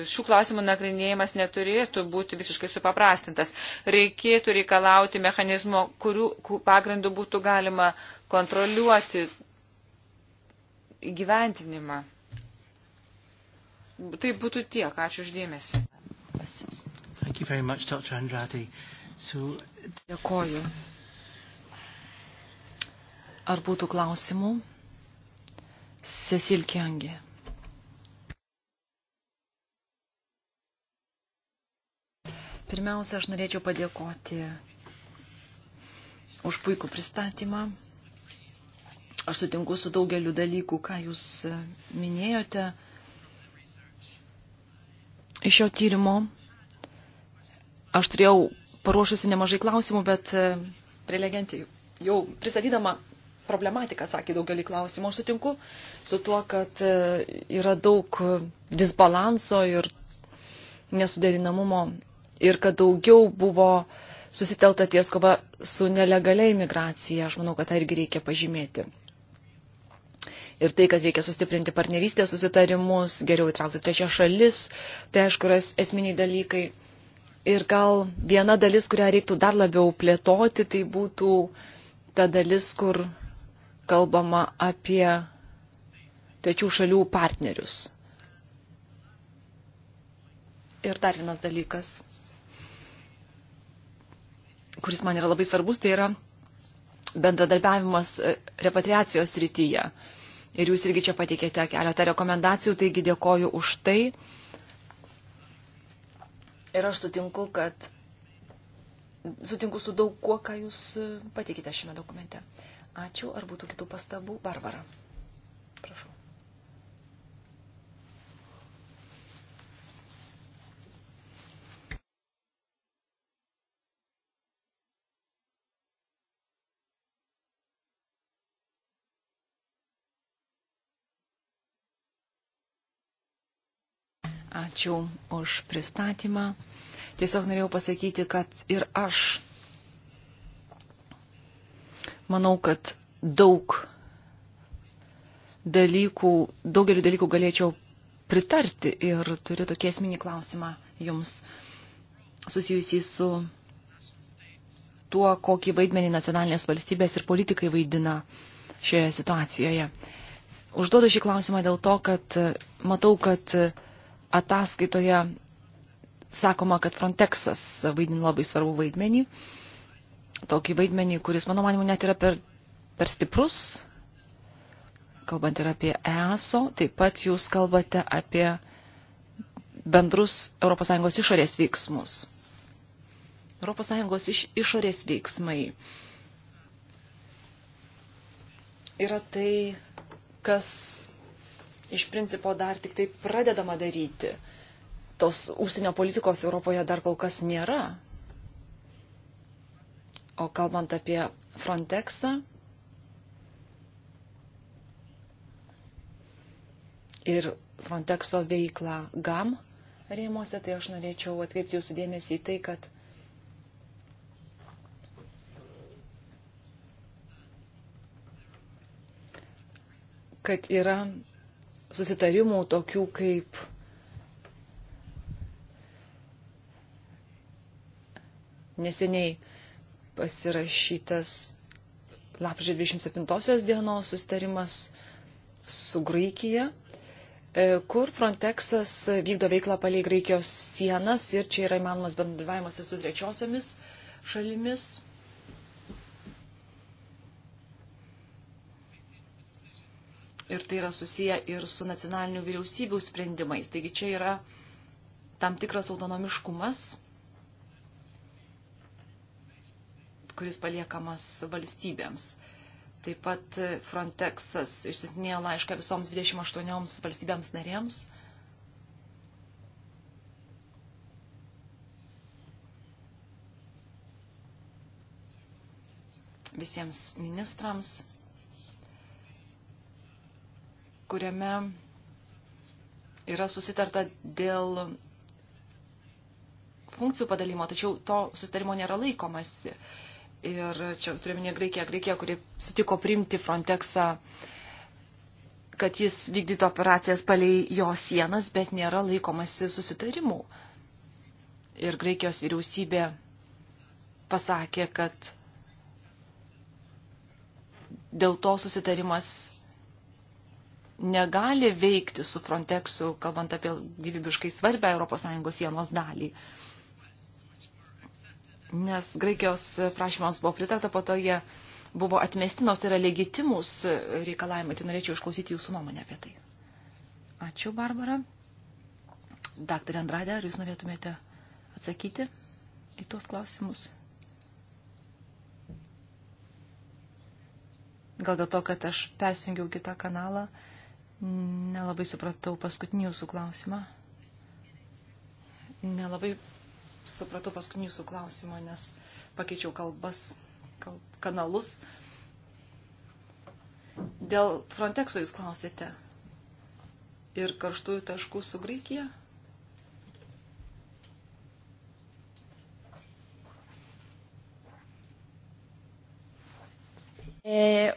šių klausimų nagrinėjimas neturėtų būti visiškai supaprastintas. Reikėtų reikalauti mechanizmo, kurių pagrindų būtų galima kontroliuoti įgyventinimą. Tai būtų tiek. Ačiū uždėmesi. Thank you very much, Dr. Andrade. So... Dėkoju. Ar būtų klausimų? Cecil Kiangė. Pirmiausia, aš norėčiau padėkoti už puikų pristatymą. Aš sutinku su daugeliu dalykų, ką jūs minėjote. Iš jo tyrimo Aš turėjau paruošusi nemažai klausimų, bet e, prelegentė jau pristatydama problematiką atsakė daugelį klausimų. Aš sutinku su tuo, kad e, yra daug disbalanso ir nesuderinamumo ir kad daugiau buvo susitelta ties kova su nelegalia imigracija. Aš manau, kad tą irgi reikia pažymėti. Ir tai, kad reikia sustiprinti partnerystės susitarimus, geriau įtraukti trečią šalis, tai aišku yra esminiai dalykai. Ir gal viena dalis, kurią reiktų dar labiau plėtoti, tai būtų ta dalis, kur kalbama apie trečių šalių partnerius. Ir dar vienas dalykas, kuris man yra labai svarbus, tai yra bendradarbiavimas e, repatriacijos rytyje. Ir jūs irgi čia pateikėte keletą rekomendacijų, taigi dėkoju už tai. Ir aš sutinku, kad sutinku su daug kuo, ką jūs pateikite šiame dokumente. Ačiū, ar būtų kitų pastabų? Barbara. Ačiū už pristatymą. Tiesiog norėjau pasakyti, kad ir aš manau, kad daug dalykų, daugeliu dalykų galėčiau pritarti ir turiu tokį esminį klausimą jums susijusį su tuo, kokį vaidmenį nacionalinės valstybės ir politikai vaidina šioje situacijoje. Užduodu šį klausimą dėl to, kad matau, kad ataskaitoje sakoma, kad Frontexas vaidin labai svarbu vaidmenį. Tokį vaidmenį, kuris, mano manimu, net yra per, per stiprus, kalbant ir apie ESO, taip pat jūs kalbate apie bendrus ES išorės veiksmus. ES iš, išorės veiksmai yra tai, kas iš principo dar tik tai pradedama daryti. Tos užsienio politikos Europoje dar kol kas nėra. O kalbant apie Frontexą ir Frontexo veiklą GAM rėmose, tai aš norėčiau atkreipti jūsų dėmesį į tai, kad kad yra susitarimų tokių kaip neseniai pasirašytas lapžė 27 dienos susitarimas su Graikija, e, kur Frontexas vykdo veiklą palei Graikijos sienas ir čia yra įmanomas bendravimas ir su trečiosiomis šalimis ir tai yra susiję ir su nacionalinių vyriausybių sprendimais. Taigi čia yra tam tikras autonomiškumas, kuris paliekamas valstybėms. Taip pat Frontexas išsitinėjo laišką visoms 28 valstybėms narėms. Visiems ministrams kuriame yra susitarta dėl funkcijų padalymo, tačiau to susitarimo nėra laikomasi. Ir čia turime Graikiją, Graikiją, kuri sutiko priimti Frontexą, kad jis vykdytų operacijas palei jo sienas, bet nėra laikomasi susitarimų. Ir Graikijos vyriausybė pasakė, kad dėl to susitarimas negali veikti su Frontexu, kalbant apie gyvybiškai svarbę ES sienos dalį. Nes Graikijos prašymams buvo pritarta, po to jie buvo atmestinos, tai yra legitimus reikalavimai. Tai norėčiau išklausyti jūsų nuomonę apie tai. Ačiū, Barbara. Daktarė Andradė, ar jūs norėtumėte atsakyti į tuos klausimus? Gal dėl to, kad aš persijungiau kitą kanalą Nelabai supratau paskutinį jūsų klausimą. Nelabai supratau paskutinį jūsų klausimą, nes pakeičiau kalbas, kalb, kanalus. Dėl Frontexo jūs klausėte. Ir karštųjų taškų su Graikija? Eh,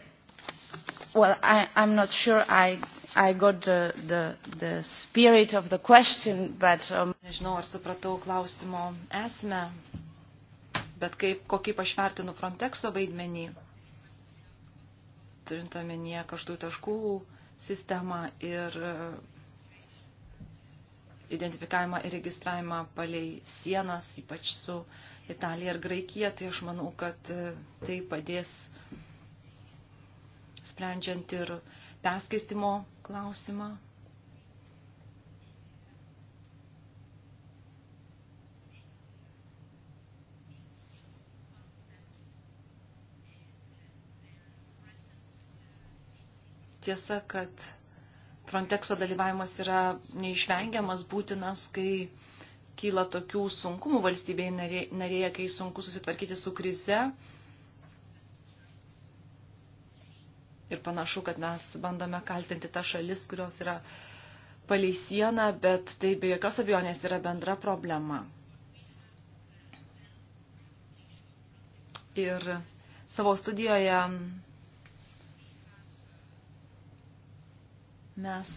well, I, I'm not sure I I got the, the, the spirit of the question, but... Um... Nežinau, ar supratau klausimo esmę, bet kaip, kokį pašvertinu Frontexo vaidmenį, turint omenyje kažtų taškų sistemą ir e, identifikavimą ir registravimą palei sienas, ypač su Italija ir Graikija, tai aš manau, kad e, tai padės sprendžiant ir uh, perskaistimo klausimą. Tiesa, kad Frontexo dalyvavimas yra neišvengiamas, būtinas, kai kyla tokių sunkumų valstybėje narėje, kai sunku susitvarkyti su krize Ir panašu, kad mes bandome kaltinti tą šalis, kurios yra palei sieną, bet tai be jokios abejonės yra bendra problema. Ir savo studijoje mes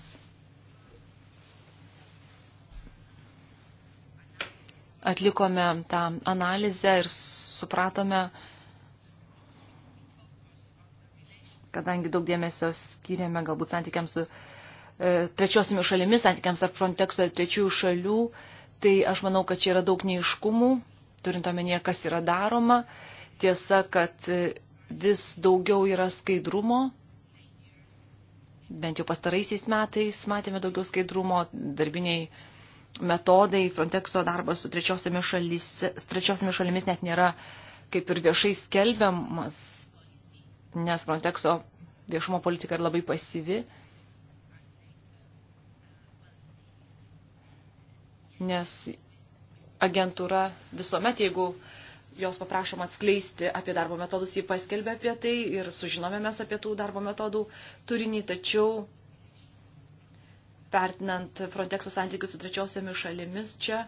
atlikome tą analizę ir supratome, kadangi daug dėmesio skiriame galbūt santykiams su e, trečiosiomis šalimis, santykiams tarp Frontexo ir trečiųjų šalių, tai aš manau, kad čia yra daug neiškumų, turint omenyje, kas yra daroma. Tiesa, kad e, vis daugiau yra skaidrumo, bent jau pastaraisiais metais matėme daugiau skaidrumo, darbiniai metodai, Frontexo darbas su trečiosiomis, šalis, trečiosiomis šalimis net nėra kaip ir viešai skelbiamas nes Frontexo viešumo politika yra labai pasyvi, nes agentūra visuomet, jeigu jos paprašom atskleisti apie darbo metodus, jį paskelbė apie tai ir sužinome mes apie tų darbo metodų turinį, tačiau vertinant Frontexo santykius su trečiosiomis šalimis, čia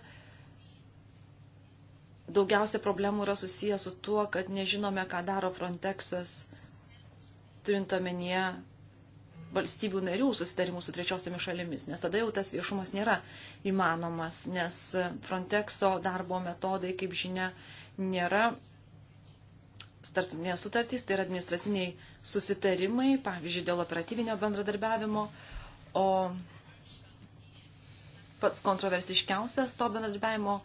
daugiausia problemų yra susijęs su tuo, kad nežinome, ką daro Frontexas turint omenyje valstybių narių susitarimų su trečiosiomis šalimis, nes tada jau tas viešumas nėra įmanomas, nes Frontexo darbo metodai, kaip žinia, nėra startinės sutartys, tai yra administraciniai susitarimai, pavyzdžiui, dėl operatyvinio bendradarbiavimo, o pats kontroversiškiausias to bendradarbiavimo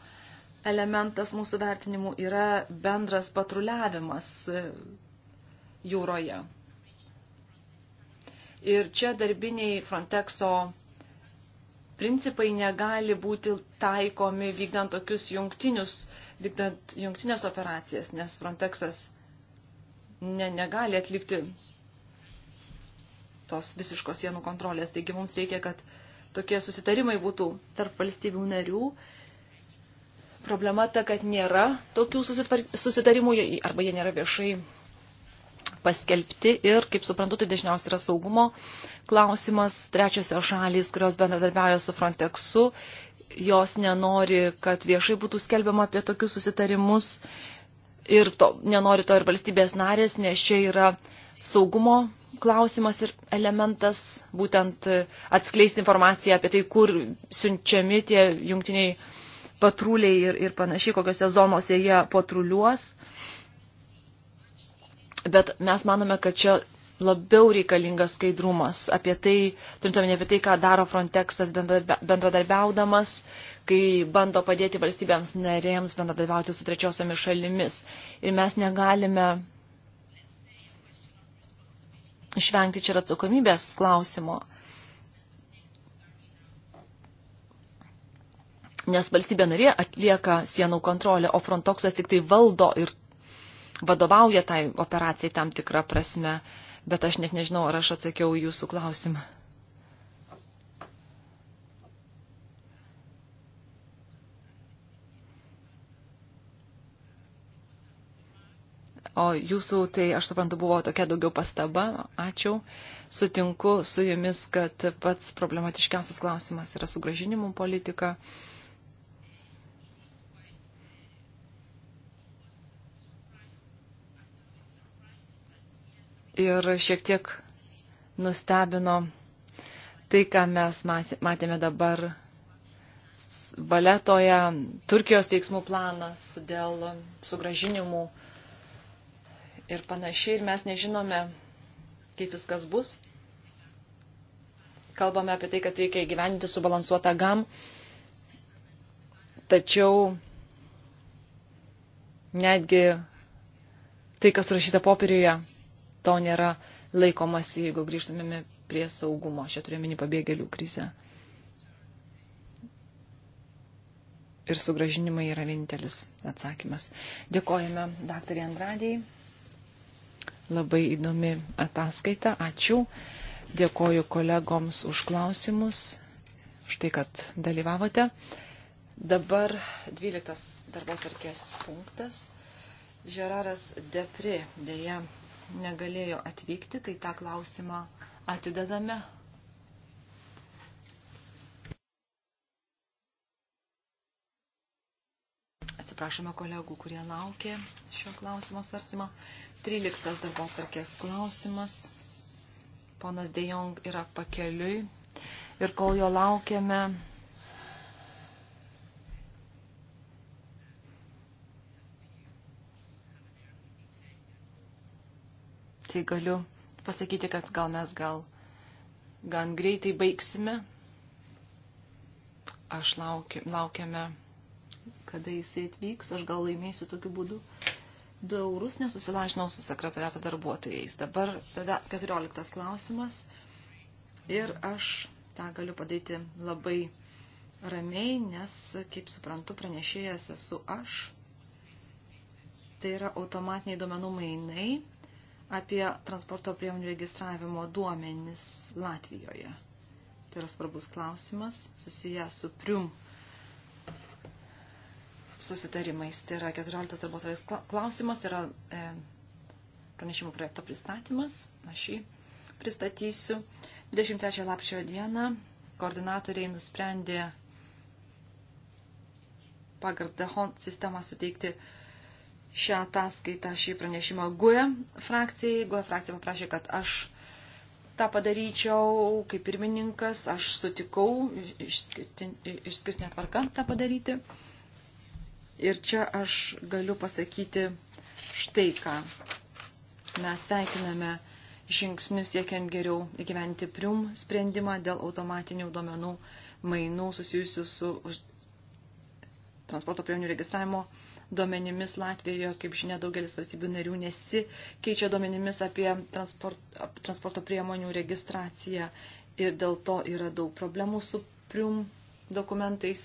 elementas mūsų vertinimu yra bendras patruliavimas jūroje. Ir čia darbiniai Frontexo principai negali būti taikomi vykdant tokius jungtinius, vykdant jungtinės operacijas, nes Frontexas ne, negali atlikti tos visiškos sienų kontrolės. Taigi mums reikia, kad tokie susitarimai būtų tarp valstybių narių. Problema ta, kad nėra tokių susitarimų arba jie nėra viešai paskelbti ir, kaip suprantu, tai dažniausiai yra saugumo klausimas. Trečiosios šalys, kurios bendradarbiauja su Frontexu, jos nenori, kad viešai būtų skelbiama apie tokius susitarimus ir to, nenori to ir valstybės narės, nes čia yra saugumo klausimas ir elementas, būtent atskleisti informaciją apie tai, kur siunčiami tie jungtiniai patrūliai ir, ir panašiai, kokiose zonose jie patruliuos. Uh, bet mes manome, kad čia labiau reikalingas skaidrumas. Apie tai, turintuomenė apie tai, ką daro Frontexas bendradarbiaudamas, kai bando padėti valstybėms narėms bendradarbiauti su trečiosiomis šalimis. Ir mes negalime išvengti čia atsakomybės klausimo. Nes valstybė narė atlieka sienų kontrolę, o Frontoxas tik tai valdo ir vadovauja tai operacijai tam tikrą prasme, bet aš net nežinau, ar aš atsakiau jūsų klausimą. O jūsų, tai aš suprantu, buvo tokia daugiau pastaba. Ačiū. Sutinku su jumis, kad pats problematiškiausias klausimas yra sugražinimų politika. ir šiek tiek nustebino tai, ką mes matėme dabar valetoje, Turkijos veiksmų planas dėl sugražinimų ir panašiai, ir mes nežinome, kaip viskas bus. Kalbame apie tai, kad reikia gyventi subalansuotą gam, tačiau netgi tai, kas rašyta popieriuje, to nėra laikomas, jeigu grįžtumėme prie saugumo. Šia turėminį pabėgėlių krizę. Ir sugražinimai yra vienintelis atsakymas. Dėkojame daktarė Andradijai. Labai įdomi ataskaita. Ačiū. Dėkoju kolegoms už klausimus, už tai, kad dalyvavote. Dabar 12 darbo tvarkės punktas. Žeraras Depri dėja negalėjo atvykti, tai tą klausimą atidedame. Atsiprašome kolegų, kurie laukė šio klausimo svarstymo. 13 darbo tvarkės klausimas. Ponas Dejong yra pakeliui ir kol jo laukiame, tai galiu pasakyti, kad gal mes gal gan greitai baigsime. Aš laukiu, laukiame, kada jisai atvyks, aš gal laimėsiu tokiu būdu. 2 eurus nesusilažinau su sekretariato darbuotojais. Dabar tada 14 klausimas ir aš tą galiu padaryti labai ramiai, nes, kaip suprantu, pranešėjas esu aš. Tai yra automatiniai duomenų mainai apie transporto priemonių registravimo duomenis Latvijoje. Tai yra svarbus klausimas susijęs su prium susitarimais. Tai yra 14 darbotojas klausimas, tai yra e, pranešimo projekto pristatymas. Aš jį pristatysiu. 23 lapčio dieną koordinatoriai nusprendė pagal DEHON sistemą suteikti šią ataskaitą, šį pranešimą GUE frakcijai. GUE frakcija paprašė, kad aš tą padaryčiau kaip pirmininkas, aš sutikau išskirtinę tvarką tą padaryti. Ir čia aš galiu pasakyti štai ką. Mes sveikiname žingsnius siekiant geriau įgyventi prium sprendimą dėl automatinių duomenų mainų susijusių su transporto priemonių registravimo uh, duomenimis Latvijoje, kaip žinia, daugelis valstybių narių nesikeičia duomenimis apie transport, transporto priemonių registraciją ir dėl to yra daug problemų su prium dokumentais.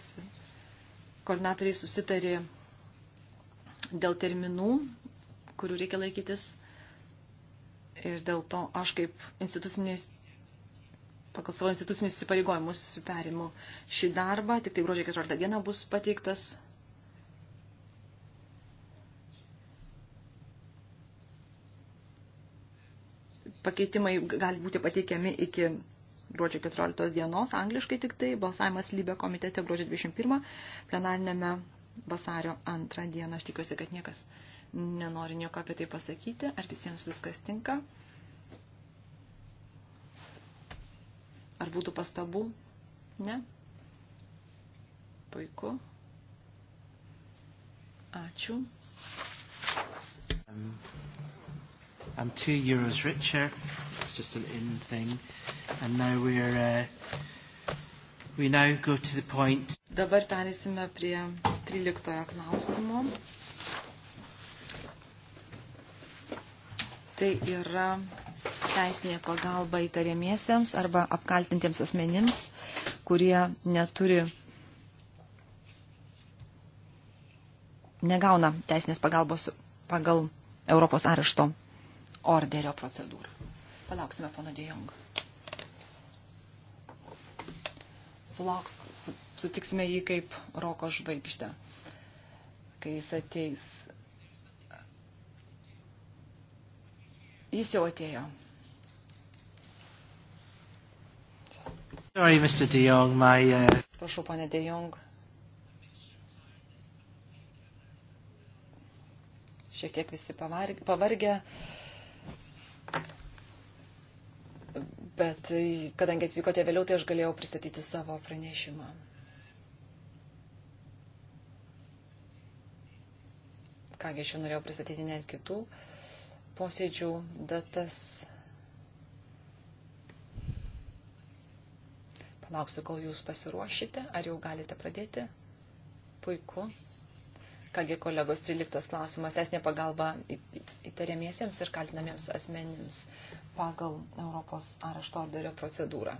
Koordinatoriai susitarė dėl terminų, kurių reikia laikytis ir dėl to aš kaip institucinės pagal savo institucinius įsipareigojimus perimu šį darbą. Tik tai gruodžio 14 dieną bus pateiktas Pakeitimai gali būti pateikiami iki gruodžio 14 dienos, angliškai tik tai, balsavimas lybė komitete gruodžio 21, plenarinėme vasario 2 dieną. Aš tikiuosi, kad niekas nenori nieko apie tai pasakyti, ar visiems viskas tinka. Ar būtų pastabų? Ne? Puiku. Ačiū. Um, I'm two euros richer. It's just an in thing. And now we're, uh, we now go to the point. Dabar perėsime prie 13 klausimo. Tai yra teisinė pagalba įtariamiesiems arba apkaltintiems asmenims, kurie neturi, negauna teisinės pagalbos pagal Europos arešto orderio procedūrą. Palauksime pono Dejong. Sulauks, su, sutiksime jį kaip roko žvaigždę, kai jis ateis. Jis jau atėjo. Sorry, Mr. De Jong, my, uh... Prašau, pane De Jong. Šiek tiek visi pavargę. bet e, kadangi atvykote vėliau, tai aš galėjau pristatyti savo pranešimą. Kągi aš jau norėjau pristatyti net kitų posėdžių datas. Palauksiu, kol jūs pasiruošite. Ar jau galite pradėti? Puiku. Kągi kolegos, 13 klausimas, esnė pagalba įtariamiesiems ir kaltinamiems asmenims pagal Europos arešto orderio procedūrą.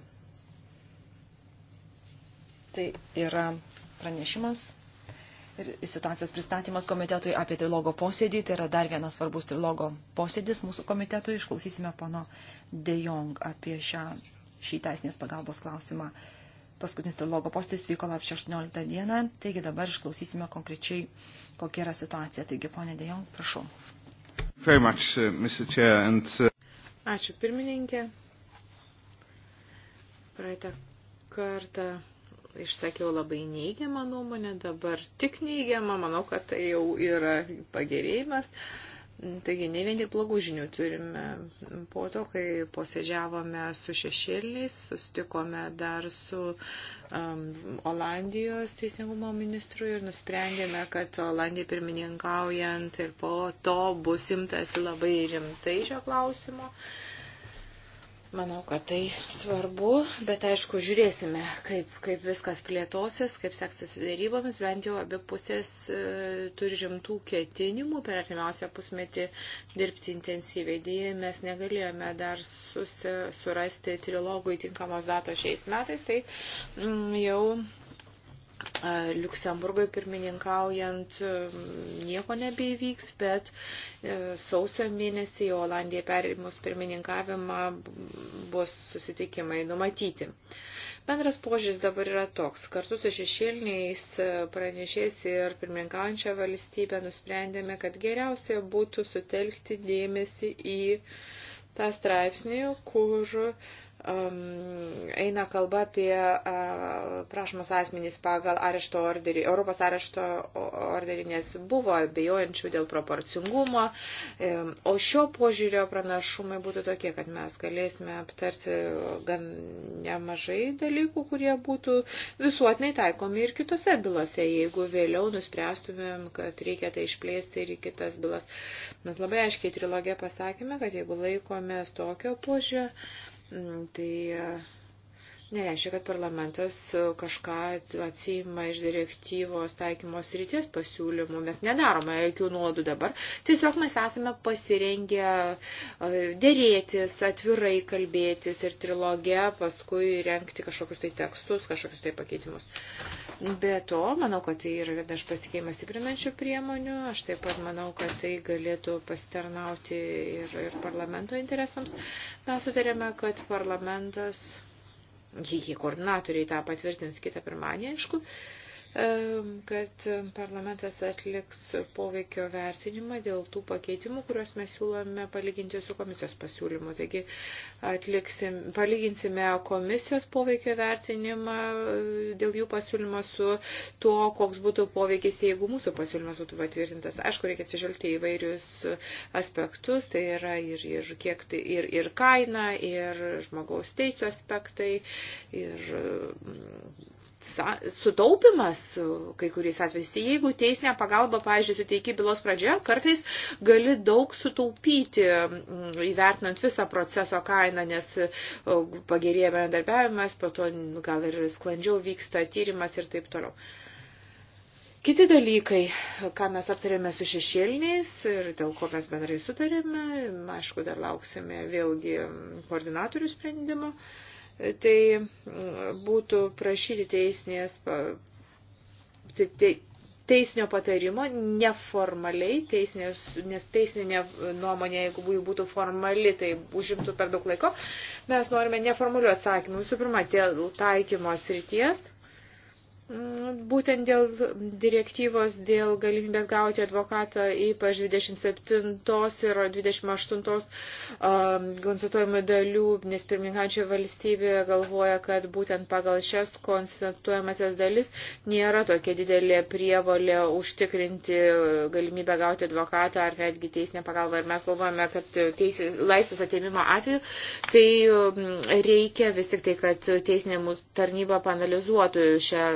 Tai yra pranešimas ir situacijos pristatymas komitetui apie trilogo posėdį. Tai yra dar vienas svarbus trilogo posėdis mūsų komitetui. Išklausysime pono De Jong apie šią, šį teisinės pagalbos klausimą. Paskutinis trilogo posėdis vyko lap 18 dieną, taigi dabar išklausysime konkrečiai, kokia yra situacija. Taigi, ponė De Jong, prašau. Very much, uh, Mr. Chair, and, uh... Ačiū pirmininkė. Praeitą kartą išsakiau labai neigiamą nuomonę, dabar tik neigiamą, manau, kad tai jau yra pagerėjimas. Uh, Taigi, ne vien tik blogų žinių turime. Po to, kai posėdžiavome su šešėliais, sustikome dar su um, Olandijos teisingumo ministru ir nusprendėme, kad Olandija pirmininkaujant ir po to bus imtasi labai rimtai šio klausimo. Uh, Manau, kad tai svarbu, bet aišku, žiūrėsime, kaip, kaip viskas plėtosis, kaip seksis dėrybomis, bent jau abi pusės e, turi žimtų ketinimų per artimiausią pusmetį dirbti intensyviai. Dėja, mes negalėjome dar susi, surasti trilogui tinkamos datos šiais metais, tai m, mm, jau Liuksemburgui pirmininkaujant mm, nieko nebeivyks, bet e, sausio mėnesį Olandija perėmus pirmininkavimą bus susitikimai numatyti. Bendras požiūris dabar yra toks. Kartu su šešėliniais pranešės ir pirmininkaujančia valstybė nusprendėme, kad geriausia būtų sutelkti dėmesį į tą straipsnį, kur uh, Um, eina kalba apie uh, prašomus asmenys pagal arešto orderį, Europos arešto orderį, nes buvo abejojančių dėl proporcingumo. Um, o šio požiūrio pranašumai būtų tokie, kad mes galėsime aptarti gan nemažai dalykų, kurie būtų visuotinai taikomi ir kitose bylose, jeigu vėliau nuspręstumėm, kad reikia tai išplėsti ir į kitas bylas. Mes labai aiškiai trilogė pasakėme, kad jeigu laikomės tokio požiūrio, Mm, tai nereiškia, kad parlamentas kažką atsima iš direktyvos taikymos ryties pasiūlymų. Mes nedarome jokių nuodų dabar. Tiesiog mes esame pasirengę e, dėrėtis, atvirai kalbėtis ir trilogė, paskui renkti kažkokius tai tekstus, kažkokius tai pakeitimus. Be to, manau, kad tai yra viena iš pasikeimą stiprinančių priemonių. Aš taip pat manau, kad tai galėtų pasitarnauti ir, ir parlamento interesams. Mes sutarėme, kad parlamentas Jei koordinatoriai tą patvirtins kitą pirmanį, aišku, kad parlamentas atliks poveikio vertinimą dėl tų pakeitimų, kuriuos mes siūlome palyginti su komisijos pasiūlymu. Taigi atliksim, palyginsime komisijos poveikio vertinimą e, dėl jų pasiūlymo su tuo, koks būtų poveikis, jeigu mūsų pasiūlymas būtų patvirtintas. Aišku, reikia atsižvelgti įvairius aspektus, tai yra ir, ir, kiek, tai, ir, ir kaina, ir žmogaus teisų aspektai, ir sutaupimas kai kuriais atvejais. Tai jeigu teisinę pagalbą, pavyzdžiui, suteiki bylos pradžioje, kartais gali daug sutaupyti, mm, įvertinant visą proceso kainą, nes pagerėja bendarbiavimas, po to nu, gal ir sklandžiau vyksta tyrimas ir taip toliau. Kiti dalykai, ką mes aptarėme su šešėliniais ir dėl ko mes bendrai sutarėme, aišku, dar lauksime vėlgi koordinatorių sprendimo. Uh, tai mm, būtų prašyti teisinės, teisinio patarimo neformaliai, teisinės, nes teisinė nuomonė, jeigu būtų formali, tai užimtų per daug laiko. Mes norime neformalių atsakymų. Visų pirma, dėl taikymo srities. Mm, būtent dėl direktyvos, dėl galimybės gauti advokatą, ypač 27 ir 28 um, konstatuojamų dalių, nes pirmininkančio valstybė galvoja, kad būtent pagal šias konstatuojamasias dalis nėra tokia didelė prievolė užtikrinti galimybę gauti advokatą ar netgi teisinę pagalbą. Ir mes galvojame, kad teisės, laisvės atėmimo atveju tai um, reikia vis tik tai, kad teisinė tarnyba panalizuotų šią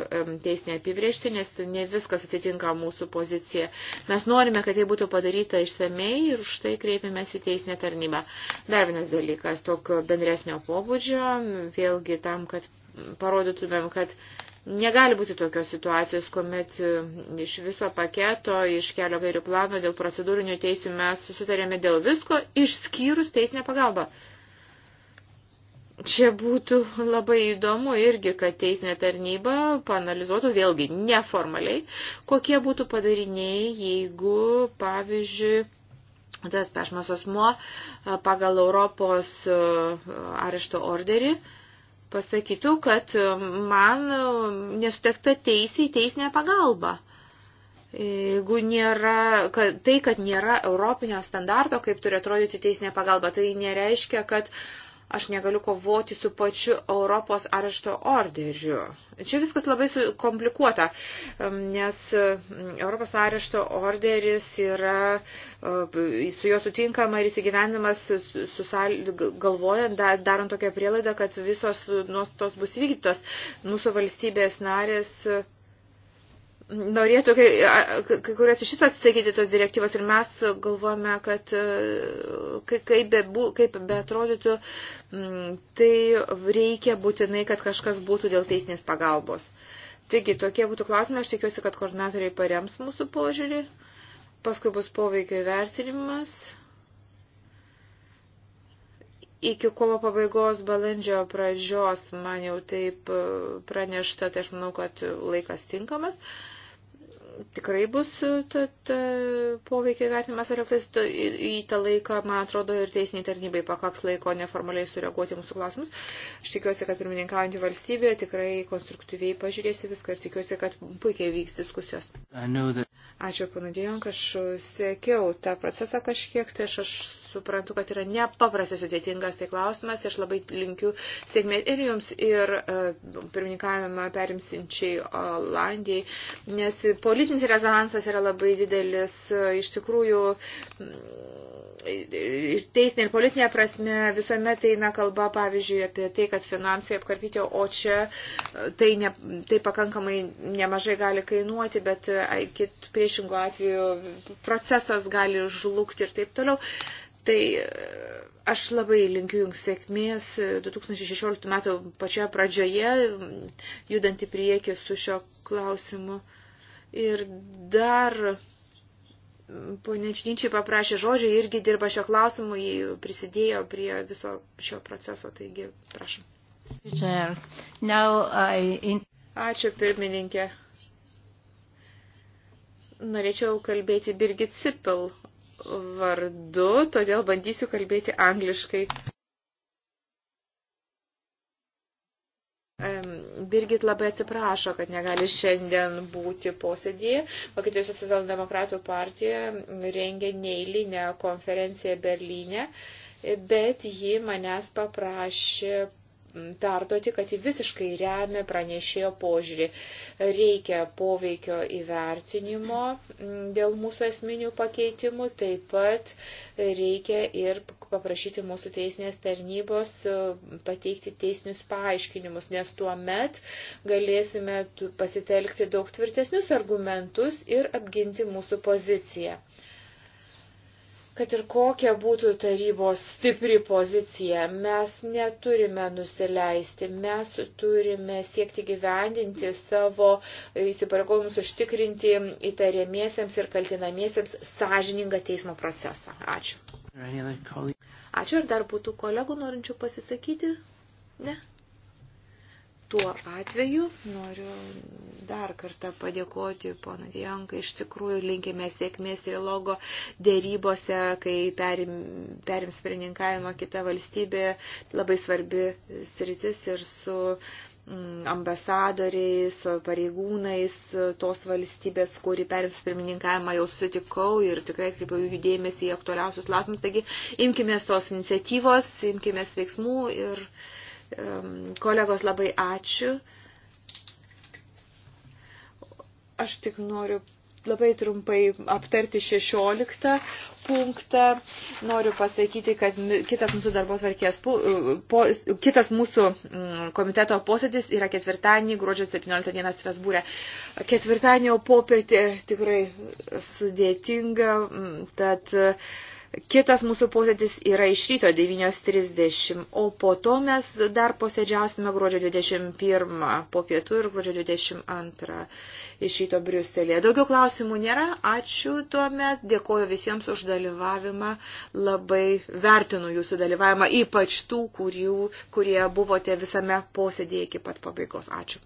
teisinę apibriežtį, nes ne viskas atitinka mūsų poziciją. Mes norime, kad tai būtų padaryta išsamei ir už tai kreipiamės į teisinę tarnybą. Dar vienas dalykas, tokio bendresnio pobūdžio, vėlgi tam, kad parodytumėm, kad Negali būti tokios situacijos, kuomet e, iš viso paketo, iš kelio gairių plano dėl procedūrinių teisų mes susitarėme dėl visko, išskyrus teisinę pagalbą. Čia būtų labai įdomu irgi, kad teisinė tarnyba panalizuotų vėlgi neformaliai, kokie būtų padariniai, jeigu, pavyzdžiui, tas pešmas asmuo pagal Europos arešto orderį pasakytų, kad man nesutekta teisė į teisinę pagalbą. Jeigu nėra, kad, tai, kad nėra europinio standarto, kaip turi atrodyti teisinė pagalba, tai nereiškia, kad uh, aš negaliu kovoti su pačiu Europos arešto orderiu. Čia viskas labai komplikuota, nes mm, Europos arešto orderis yra e, su juo sutinkama ir įsigyvenimas su galvojant, darant tokią prielaidą, kad visos nuostos bus vykdytos. Mūsų valstybės narės norėtų kai, kai kurios iš šis atsisakyti tos direktyvos ir mes galvojame, kad e, kaip be, kaip be atrodytų, mm, tai reikia būtinai, kad kažkas būtų dėl teisinės pagalbos. Taigi, tokie būtų klausimai, aš tikiuosi, kad koordinatoriai parems mūsų požiūrį, paskui bus poveikio įversinimas. Iki kovo pabaigos, balandžio pradžios, man jau taip e, pranešta, tai aš manau, kad laikas tinkamas. Uh, tikrai bus e, poveikio vertinimas atliktas į tą laiką, man atrodo, ir teisiniai tarnybai pakaks laiko neformaliai sureaguoti mūsų klausimus. Aš tikiuosi, kad pirmininkaujantį valstybę tikrai konstruktyviai pažiūrėsi viską ir tikiuosi, kad puikiai vyks diskusijos. That... Ačiū, panadėjom, aš sekiau tą procesą kažkiek, tai aš, aš suprantu, kad yra nepaprastai sudėtingas tai klausimas. Aš labai linkiu sėkmės ir jums, ir e, pirmininkavimą perimsinčiai Olandijai, nes politinis rezonansas yra labai didelis. E, iš tikrųjų, mm, ir teisinė, ir politinė prasme visuomet eina kalba, pavyzdžiui, apie tai, kad finansai apkarpyti, o čia e, tai, ne, tai pakankamai nemažai gali kainuoti, bet priešingų atveju procesas gali žlugti ir taip toliau. Tai e, aš labai linkiu jums sėkmės 2016 e, metų pačioje pradžioje, judant į priekį su šio klausimu. Ir dar ponė Čnyčiai paprašė žodžio, irgi dirba šio klausimu, jį prisidėjo prie viso šio proceso, taigi prašom. Ačiū pirmininkė norėčiau kalbėti Birgit Sipil vardu, todėl bandysiu kalbėti angliškai. Birgit labai atsiprašo, kad negali šiandien būti posėdėje. Vokietijos socialdemokratų partija rengia neįlinę konferenciją Berlyne, bet ji manęs paprašė perduoti, kad ji visiškai remia pranešėjo požiūrį. Reikia poveikio įvertinimo mm, dėl mūsų esminių pakeitimų, taip pat reikia ir paprašyti mūsų teisinės tarnybos e, pateikti teisinius paaiškinimus, nes tuo met galėsime pasitelkti daug tvirtesnius argumentus ir apginti mūsų poziciją kad ir kokia būtų tarybos stipri pozicija, mes neturime nusileisti, mes turime siekti gyvendinti savo įsipareigojimus užtikrinti įtariamiesiems ir kaltinamiesiems sąžiningą teismo procesą. Ačiū. Ačiū ir dar būtų kolegų norinčių pasisakyti? Ne? tuo atveju noriu dar kartą padėkoti poną Dianką. Iš tikrųjų, linkime sėkmės trilogo dėrybose, kai perim, perims pirmininkavimą kita valstybė. Labai svarbi sritis ir su mm, ambasadoriais, pareigūnais tos valstybės, kuri perims pirmininkavimą, jau sutikau ir tikrai atkreipiau jų dėmesį į aktualiausius klausimus. Taigi, imkime tos iniciatyvos, imkime veiksmų ir uh, Kolegos, labai ačiū. Aš tik noriu labai trumpai aptarti 16 punktą. Noriu pasakyti, kad kitas mūsų darbo tvarkės, po, kitas mūsų mm, komiteto posėdis yra ketvirtadienį, gruodžio 17 dieną Strasbūrė. Ketvirtadienio popietė tikrai sudėtinga, mm, tad uh, Kitas mūsų posėdis yra iš ryto 9.30, o po to mes dar posėdžiausime gruodžio 21 po pietų ir gruodžio 22 iš ryto Briuselėje. Daugiau klausimų nėra, ačiū tuomet, dėkoju visiems už dalyvavimą, labai vertinu jūsų dalyvavimą, ypač tų, kurių, kurie buvote visame posėdėje iki pat pabaigos. Ačiū.